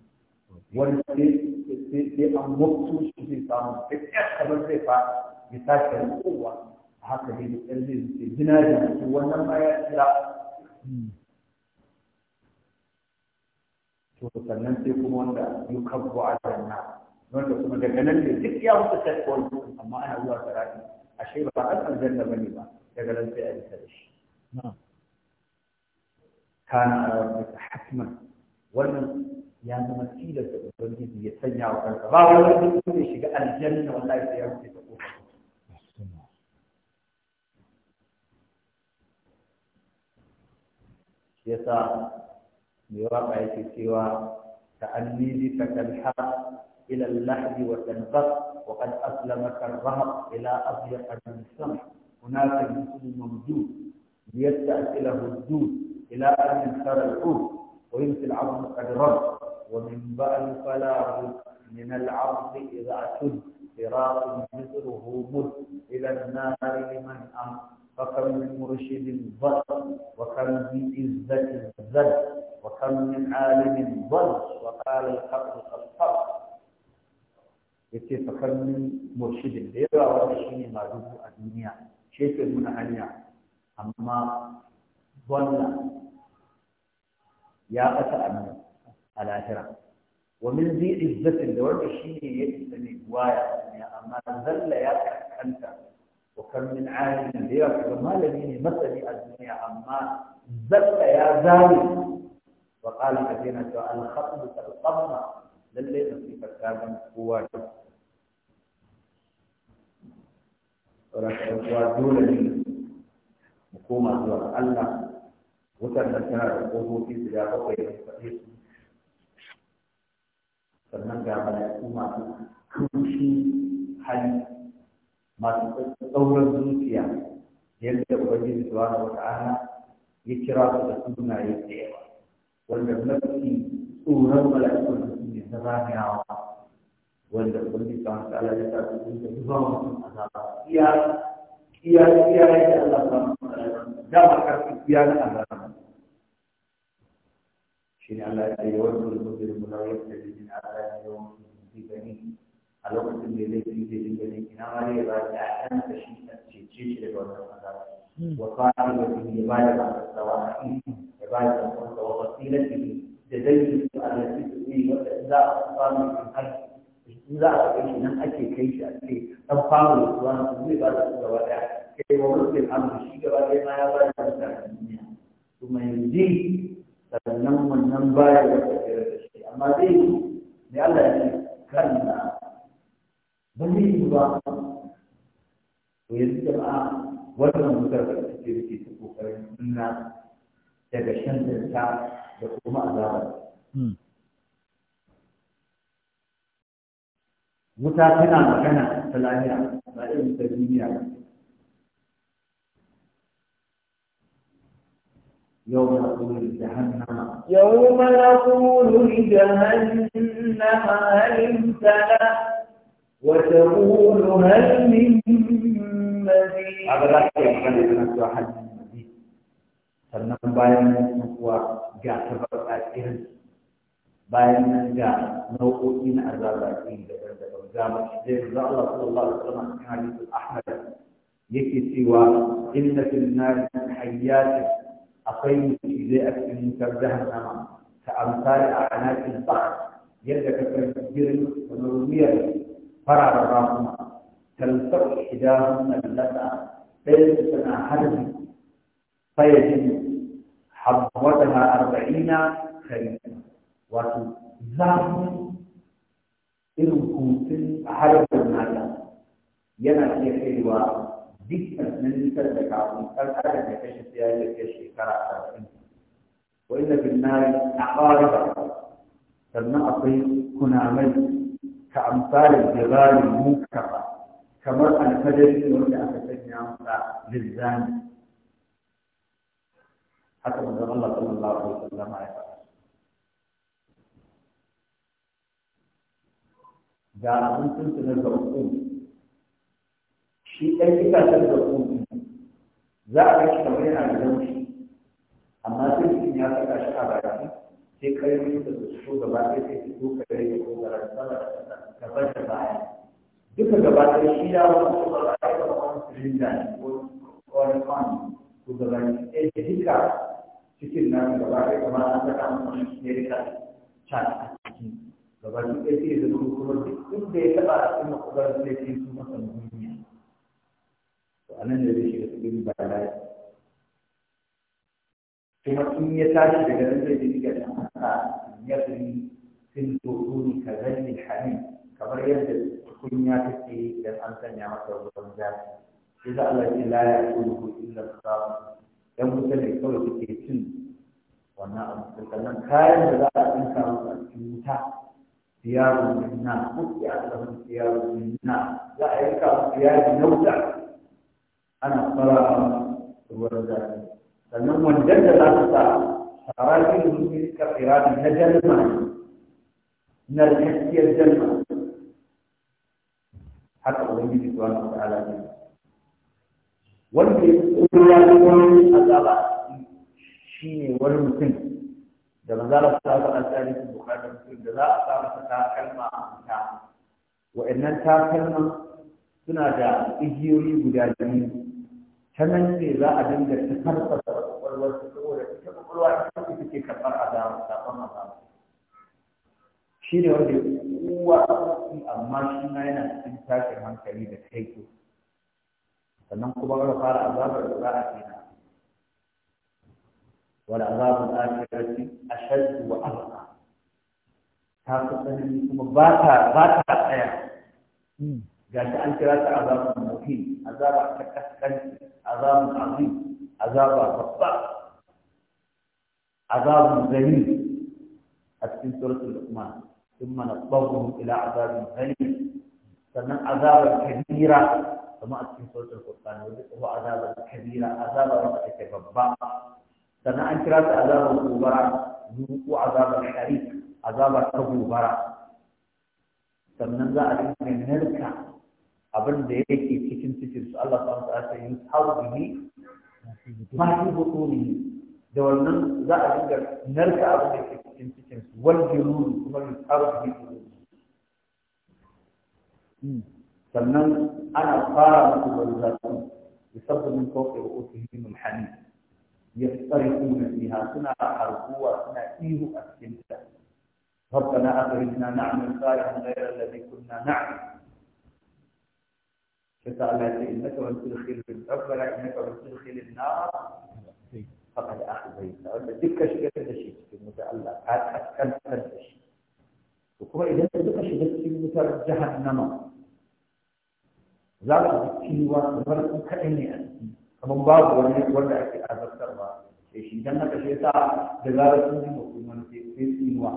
wani sai an mutu shi zai samu sai ɗaya kamar zai fa ya sake kowa? a haka dai da ɗan zai zuce jina da wannan baya ya tsira to sannan sai kuma wanda yi kabbu a janna wanda kuma daga nan ne duk ya mutu sai set point amma ana zuwa sarari ashe ba an aljanna bane ba daga nan sai a yi da shi kana rabbika hatman wannan ya zama tilas da ubangiji ya sanya wa kansa ba wani mutum ne shiga aljanna wallahi sai ya wuce ta kofar يسا يراقع في سوى بك فتنحى إلى اللحد وتنقص وقد أسلمك الرهب إلى أضيق من المجتمع هناك المسلم موجود ليستأكله الدود إلى أن ينشر الحوت ويمسي العظم قد رب ومن بعد فلا من العظم إذا أشد فراق مثله مد إلى النار لمن أمر وكم من مرشد ضل وكم من عزة ذل وكم من عالم ضل وقال الحق الصدق يتفق من مرشد ديرا ورشيني ما دوب الدنيا شيخ من عليا أما ضل يا أتى على الآخرة ومن ذي عزة ورشيني يتفق من وايا أما ذل يا أنت وكم من عالم ليغفر وما الذين مثل الدنيا أما زل يا زالي وقال أبينا الخطب تلقمنا للي نصيب الكامل قوة ورحمة دولة لي مقومة دولة الله وتنسنا القوة في سلاح وقيم فقير sannan ga malaiku masu masu tsauran zuciya yadda ubangiji subhanahu wata'ala ya kira su da sunaye da yawa wanda mafi tsoron mala'ikun da su ne na wanda ubangiji subhanahu wata'ala ya sa su da zuwa mutum azaba iya iya iya yadda Allah subhanahu da ba karfi iya na azaba shi ne Allah ya ce yawan mutum da mutum ya ce da jin azaba yawan da mutum a lokacin da zai fi zai dinga ne ina ma zai ba da ɗan da shi ɗan cece shi daga wannan azaba hmm. wa fara da shi ya ba da ba da a wani ya ba da ba da tsira wani ne da zai yi su a nan su ne wata za a samu in har in za a kai shi nan ake kai shi a ce ɗan fara da suwa su zai ba da su gaba ɗaya kai wa wani zai amma shi gaba ɗaya ma ya ba da mutane duniya kuma yanzu sannan wannan baya da ta da shi amma zai yi ne Allah ya ce kan na ba zai yi ba to yanzu jama'a wannan wutar da take rike ta kokarin suna daga shan danta da kuma azaba wuta tana magana ta lafiya ba irin ta duniya ba يوم نقول لجهنم يوم نقول لجهنم هل امتلأت وتقول هل من هذا راسي احنا اللي نسوى حد مزيد فلنا باين نقوى جاء تبقى الهل باين جاء نوقو إن أزال الله صلى الله عليه وسلم حديث الأحمد يكي سوى إن في النار من حياته أقيم في ذي أكل كأمثال أعناك البحر يلدك في المسجر ونرميه fararen rakuma talsar idanun allata ɗaya su suna harbi fayyajin habbata ha arba'ina kharifa wato zafin irin hutun harbin nata yana iya kaiwa dukkan nisan da kafin ɗan adam ya kashe sai ya yi shekara arba'in wa inda bin nari a ƙarfa sannan akwai kunamai ka amsalin jirarin mukafa kamar alfajari wanda aka sanya masa linzani haka manzon Allah sallallahu alaihi wasallam ya faɗa ga abincin su na uku shi ɗan da uku za a yi kamar yana da laushi amma sai ya saka shi a baki sai kai da su shugaba ɗaya sai su ko kare gaban sama da baya duka gaba ɗaya shi ya wani kuma ba ko cikin nan shi a cikin ɗaya sai da kuma kuma duk ya taɓa da zai shiga cikin bala'i kuma tashi daga fil ni ka zalli hali kamar yadda tukunya take idan an sanya masa ruwan zafi sai za Allah ya la ya tuhu illa sabu dan mutum ne kawai suke cin wannan abu sannan kayan da za a dinka masa a cikin wuta siyaru minna kuke a tsarin siyaru minna za a yanka siyaru na ana fara ruwan zafi sannan wanda da za su sa sarakin sun tsira da na jalma ne narkakkiyar janna haka yi subhanahu na ta'ala ne wanda ya koya wani azaba ne wani mutum da manzala ta ga al-tarihi bukhari da mutum, da za a sa masa kalma a ta wa'annan kalma suna da igiyoyi guda biyu ta nan ne za a dinga ta karfafa kwakwalwarsa saboda ita kwakwalwa ita take karɓar azaba sakon azaba shi ne wanda kowa amma shi na yana cikin tashin hankali da kai ko sannan kuma ga fara azabar da za a kina wala azabul akhirati ashad wa abqa ta fi tsanani kuma ba ta ba ta tsaya hmm. ga shi an kira ta azabul mafi azaba ta kaskanci azabul azim azaba babba azabul zahim a cikin suratul luqman ثم نصبهم إلى عذاب أليم sannan azabar kabira kuma a cikin sautar kurkan wajen kuma azabar kabira azabar wanda take babba sannan an kira ta azabar gobara zuku azabar sharik azabar ta gobara sannan za a dinga narka abin da yake cikin cikin su Allah subhanahu wa ta'ala sai yusau bihi ma fi butunihi da wannan za a dinga narka abin da ke cikin cikin su wal jiruru kuma yi tsaro bi sannan ana fara musu wani zafi da sabbin kofi wa otu himin hannu ya tsari kuma fiha suna harkuwa suna ihu a cikin ta ربنا أخرجنا نعمل صالحا غير الذي كنا نعمل فتعالى إنك من تدخل ربنا إنك من تدخل النار faqad akhzayta wanda duka shigar da shi cikin wuta Allah ka kaskantar da shi to kuma idan duka shiga cikin wutar jahannama za ka ji wa kamar kun kaɗai ne a ciki kamar babu wani wanda ake azabtarwa sai shi dan haka shi yasa da zarar sun yi hukumar sai sai tsinuwa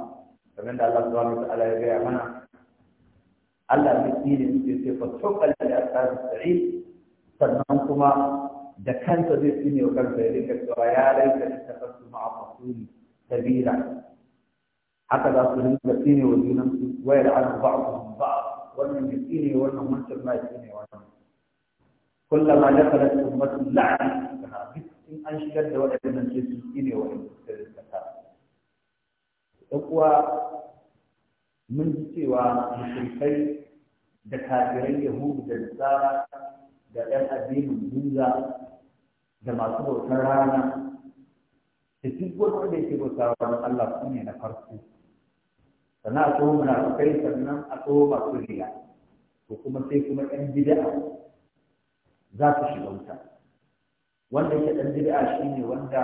kamar da Allah subhanahu wa ta'ala ya gaya mana Allah ya tsine sai sai fa tokalla da asar sa'i sannan kuma da kansa zai tsine wa kansa ya rika cewa ya da ta tafasu ma'a ne sabila haka za su rinka tsine wa junan junansu wayar an ba'u ba'u wannan ya tsine wannan wancan ma ya tsine wannan kullama dakalat ummatu la'ani kana duk in an shigar da waɗannan ce su ne wa da suka ta ɗan uwa mun ji cewa musulkai da kafirai yahudu da nasara da ɗan addinin buza da masu bautar rana da duk wanda yake bauta ranar Allah su ne na farko sannan a tsohon kai sannan a tsohon masu riya to kuma sai kuma ɗan bid'a za su shiga wuta wanda ke ɗan shi ne wanda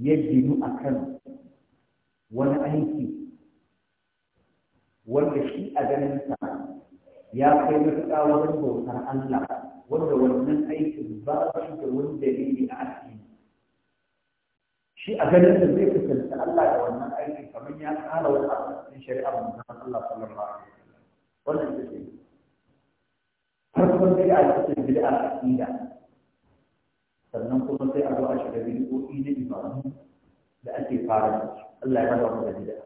ya ginu kan wani aiki wanda shi a ganin sa ya kai matuƙa wajen bautar Allah wanda wannan aikin ba shi da wani dalili a addini shi a ganin da zai kusanci Allah da wannan aikin kamar ya kara wani abu cikin shari'ar manzon Allah sallallahu alaihi wasallam wannan ita ce farkon bid'a ita ce bid'a aqida sannan kuma sai a zo a shiga bid'o'i na imamu da ake fara Allah ya raba mu da bid'a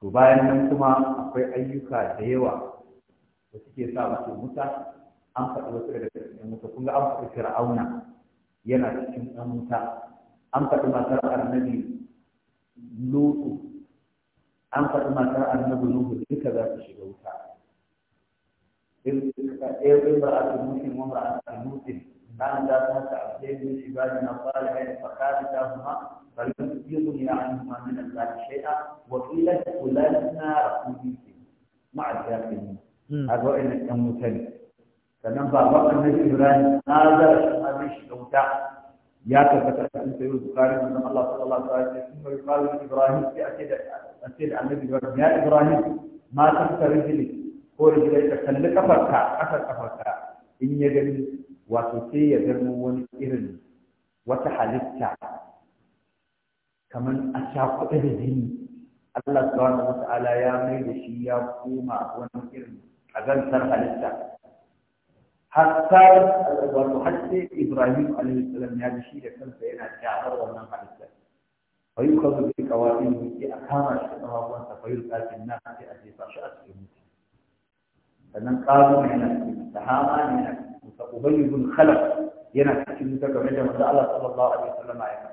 to bayan nan kuma akwai ayyuka da yawa da suke sa mutum mutu an faɗi wasu daga cikin mutu, kun ga an faɗi fir'auna yana cikin ɗan muta an faɗi matar annabi lutu an faɗi matar annabi lutu duka za su shiga wuta ɗaya ɗaya eh, ba a cikin mutum ba a cikin mutum كان ذات عبدين من عبادنا صالحين فخالتاهما فلم يغني عنهما من الله شيئا وقيل ادخلا النار مع الكافرين هذا ان المتن sannan baban annabi ibrahim na zara abin shi kyauta ya tabbata a cikin su kare manzon Allah sallallahu alaihi wasallam sun bari ibrahim sai ake da ake da annabi ibrahim ya ibrahim ma san ka ko rijilai ka kalli kafarka kafarka in ya gani wato sai ya zama wani irin wata halitta kamar a sha kuɗi da jini Allah subhanahu wa ta'ala ya mai da shi ya koma wani irin ƙazantar halitta hatta wato har sai Ibrahim alaihi salam ya ji shi da kansa yana sha'awar wannan halitta fa yukhadhu bi qawamin sai a kama shi da hawan sa fa yulqa fi an-nas sai a jefa shi a cikin mutum sannan qalu yana cikin sahama yana cikin da ubayy ibn khalaf yana cikin wuta game da manzo Allah sallallahu alaihi wasallam ya yi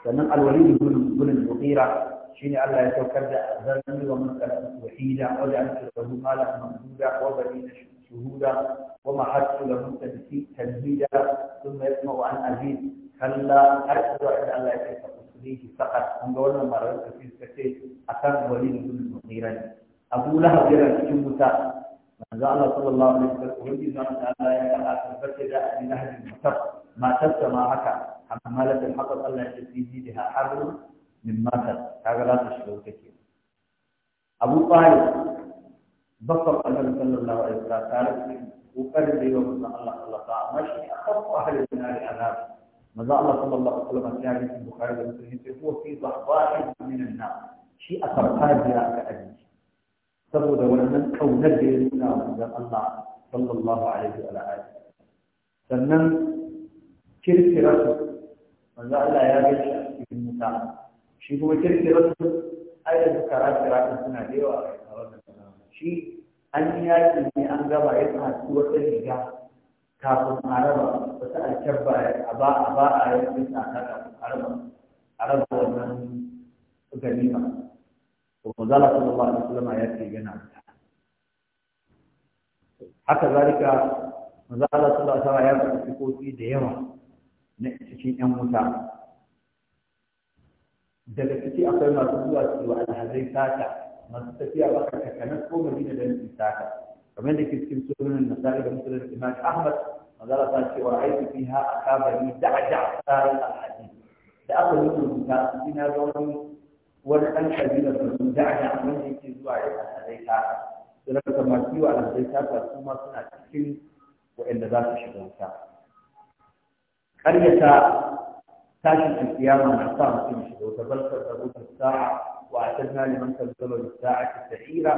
sannan al-walid ibn ibn mughira shine Allah ya saukar da azami wa masalan wahida wa ja'alna lahu malan mamduda wa banina shuhuda wa mahattu lahu tadbida thumma yasma'u an aziz kalla har zuwa Allah ya saukar fihi faqat an ga wannan marar da suka ce akan walid ibn mughira Abu Lahab yana cikin wuta هذا الله صلى الله عليه وسلم أن لا يقال أن فتدى من أهل المتر ما تبت ما عكا حمالة الحقب الله يسيدي لها حبل من ماتر هذا لا تشغل كثير أبو طالب بطر أجل صلى الله عليه وسلم قال وقال لي وقال الله صلى الله عليه وسلم ما أخف أهل النار عذاب ماذا الله صلى الله عليه وسلم في حديث البخاري ومسلم هو في ضحى من النار شيء أخف هذا أجل سبودا ونمن أو نبئ لنا من الله صلى الله عليه وعلى آله سنن كيرك رسول من لا الله يابش في النساء شيء هو كيرك رسول أي ذكرات كراك سنة دي شيء أني آي أني أنجا بايت ها سوى تلك كافر عربا فسأل كبا أبا أبا آي بسانا كافر عربا عربا ونمن غنيمه ومزالة صلى الله عليه وسلم يأتي بنا haka zalika manzo Allah sallallahu alaihi wasallam ya faɗi sikoki da yawa na cikin 'yan wuta daga ciki akwai masu zuwa su wa alhazai sata masu tafiya ba ka kakanar ko madina da su sata kamar da ke cikin sunan nasari da musulun imam ahmad manzo Allah ta ce wa aiki fiha da aka yi rubuta ina wani ɗan ƙabilar da sun da'a wanda yake zuwa ya alhazai ta da raka masu yi wa alhazai ta su ma suna cikin waɗanda za su shiga wuta ƙaryata tashin alkiyama na sa mutum shiga wuta bal ta tsaro ta sa'a wa a tattalin liman tabbalo da sa'a ta sa'ira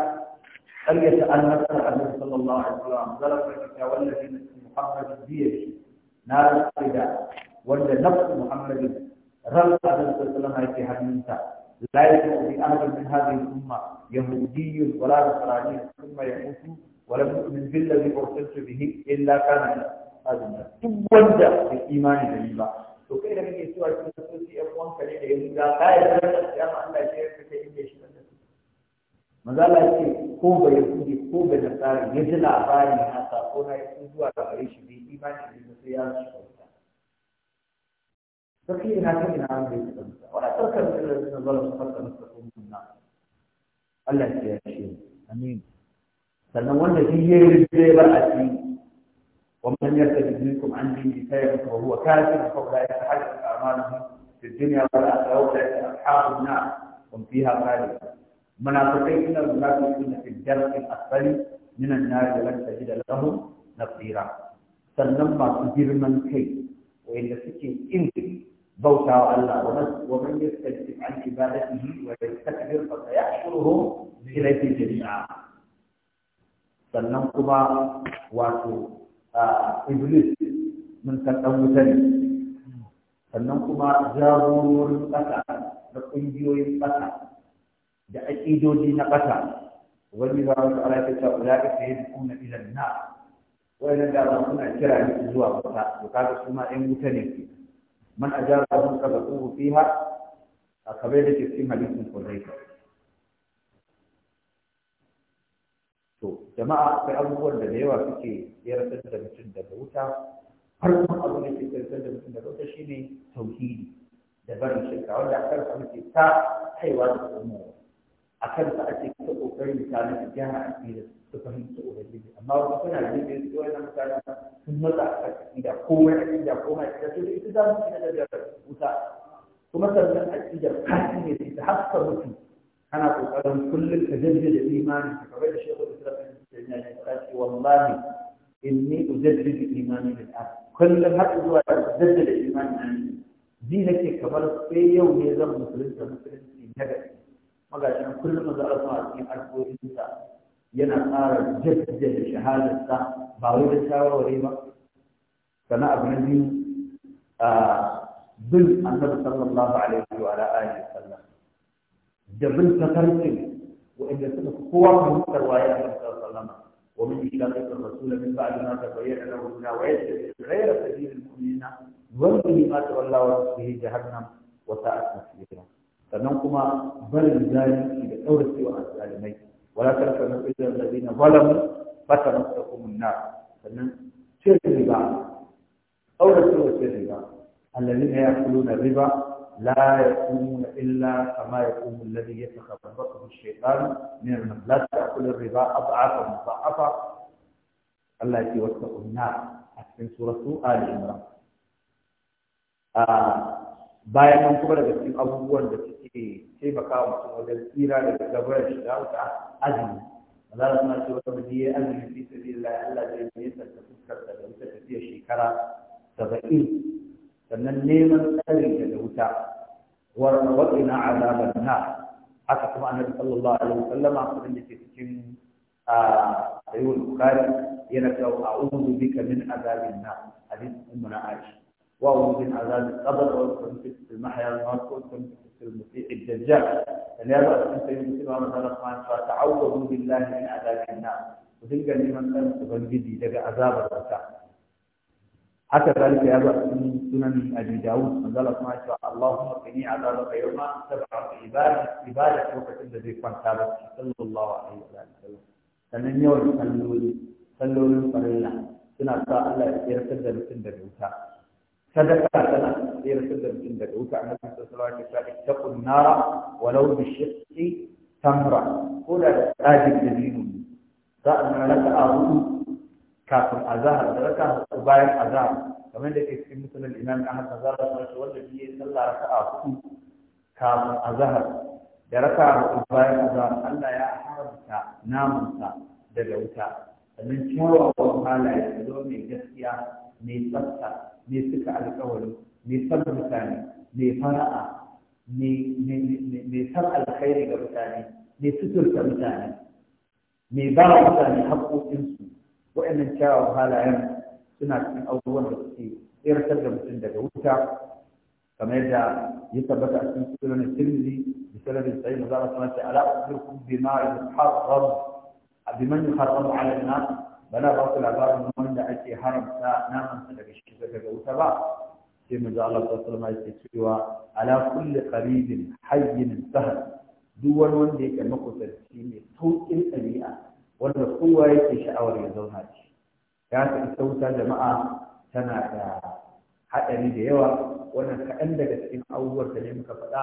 ƙaryata an nasar annabi sallallahu alaihi wasallam zalafa kita wallafi na muhammad biyar na rasa da wanda nafsu muhammadin ran annabi sallallahu alaihi wasallam yake hannunta لا يكون في أحد من هذه الأمة يهودي ولا نصراني ثم يموت ولم يؤمن بالذي أرسلت به إلا كان هذا الناس تبدا بالإيمان بالله وكيف من يسوع المسيح يكون كليل يهودا لا يزال القيامة أن لا شيء فكيف يشهد maza Allah ce ko ba ya kudi ko ba da tsari ya ji labarin haka ko na ya zuwa da فقيل هكذا عن بيت المساء ولا تركب إلا الذين ظلموا حتى مستقيم من النار الله يكفيهم آمين sannan wanda duk ya yi bar a ci wa man yarda minkum an dini fa yakun wa huwa kafir fa la yatahaqqaq a'maluhu fi dunya wa la akhirah wa la ashabu an-nar hum fiha khalidun munafiqun innal munafiqina fi ad-darq al-asfali min an sannan masu girman kai wanda suke kin بوتا الله ومن يستجب عن عبادته ويستكبر فسيحشره إليه جميعا sannan kuma wato iblis mun san dan wuta sannan kuma jagororin ƙasa da ƙungiyoyin ƙasa da aƙidoji na ƙasa wani ba wasu ala ta ce ula ka duk kuna ilan na wani da ba suna kira ne zuwa ƙasa to kaga su ma ɗan wuta ne ke man ajabahu sabaqahu fiha a kabe da cikin hadisin Hudayfa to jama'a akwai abubuwan da da yawa suke yarda da mutum daga wuta farkon abu da ke mutum daga wuta shine tauhidi da barin shirka wanda akan sa muke ta kaiwa da umma a kansa ake kusa kokarin mutane su gyara aƙida su fahimci ubangiji amma wasu suna jin da su wannan mutane sun matsa a kan aƙida komai aƙida komai aƙida to ita za mu ci da wuta kuma sannan aƙida kashi ne sai ta haska mutu Kana kokarin kullum ka jaddada imani ka kamar da shekaru da sirafin da ya faɗa ce wallahi inni da imani da ta kullum har zuwa da imani na ni ji nake kamar sai yau ne zan musulunta musulunci na gaske kuma ga shi kullum manzo Allah a cikin harkokinsa yana ƙara jaddada shahadarsa ba wai da shawarwari ba sannan abu na biyu bin annabi sallallahu alaihi wa alihi wasallam da bin tafarkin wa'inda suka kowa fahimtar waye a kan sallama ومن يشاقق الرسول من بعد ما تبين له الهدى ويتبع غير سبيل المؤمنين يوله ما تولى ورسله جهنم وساءت مصيره sannan kuma barin zalunci da ɗauracewa a zalimai wala tarfa na ƙidan lalina zalamu fata na kusa kuma sannan cin riba ɗauracewa cin riba allalina ya kulu na riba la ya kuma illa kama ya kuma lalli ya saka babbaka da shekaru ne na la ta kulu riba abu'afa muba'afa Allah ya ce wata unna a cikin suratu Ali Imran ah, bayan an kuma daga cikin abubuwan da ke taimaka wa mutum wajen tsira daga gabar shi da haka azumi Allah suna ce wata mutum ya azumi fi sabilillah Allah zai yi tsanta fuskar da wuta tafiya shekara saba'in sannan neman tsari daga wuta warna waɗina azabar na haka kuma annabi sallallahu alaihi wasallama abin da ke cikin sayyid bukhari yana kawo a'udhu bika min azabin na hadith ummu na aisha wa a'udhu min azabil qabr wa kuntu fil mahya wa kuntu المسيح الدجال فلهذا يعني أنت يمكن أن هذا القرآن فتعوذوا بالله من عذاب النار وتلقى لمن كان تبنجدي لك عذاب الرسال حتى ذلك يا من سنن أبي داود من قال ما شاء الله قني عذابك يوم سبع عبادة عبادة وقت الذي كان ثابت صلى الله عليه وسلم sannan yawan صلوا sallolin farilla suna sa Allah ya tsirkar da mutum sadaka tana tsere da mutum daga wuta annabi sallallahu alaihi wasallam ya ce taqun nara walau bi shiqqi tamra ko da tsajin dabino za a nuna raka a hudu kafin azahar da raka hudu bayan azahar kamar da ke cikin musulun imam za a sallallahu wanda biye sallah raka a hudu kafin azahar da raka hudu bayan azahar Allah ya haramta namansa daga wuta sannan ciwo wa wani halaye zo mai gaskiya mai tsafta mai suka alkawari mai san mutane mai fara'a mai san alkhairi ga mutane mai suturta mutane mai ba wa mutane haƙoƙinsu waɗannan kyawawan halayen suna cikin abubuwan da suke tsirtar da mutum daga wuta kamar yadda ya tabbata a cikin sunan tirmidhi bi sanadin sahih maza Allah subhanahu wa ta'ala ukhbirukum bima yuharram biman yuharram 'ala an-nas bana ba su labarin wanda ake haramta namansa daga shi daga wuta ba sai mu Allah sallallahu alaihi wasallam cewa ala kulli qaribin hayyin sahal duk wani wanda yake makusanci mai sauƙin ɗabi'a wanda kowa yake sha'awar ya zauna ci ya ka ita wuta jama'a tana da haɗari da yawa wannan kaɗan daga cikin abubuwan da ne muka faɗa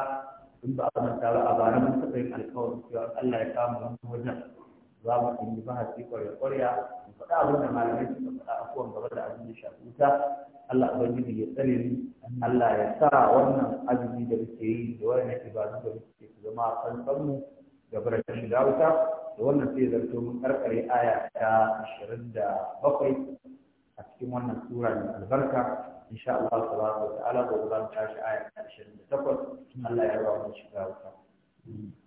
in ba a manta ba a bara mun taɓa yin alkawarin cewa Allah ya kama mu wajen za mu yi bahasi kwarya-kwarya faɗa abin da malamai suka faɗa afuwan gaba da abin da shafi wuta Allah ubangiji ya tsare ni Allah ya sa wannan azumi da muke yi da wannan ibadu da muke su zama kansan mu da barakar shiga wuta da wannan sai zarto mun karkare aya ta bakwai a cikin wannan sura mai albarka insha Allah subhanahu wa ta'ala gobe za mu tashi aya ta takwas. Allah ya rawa mu shiga wuta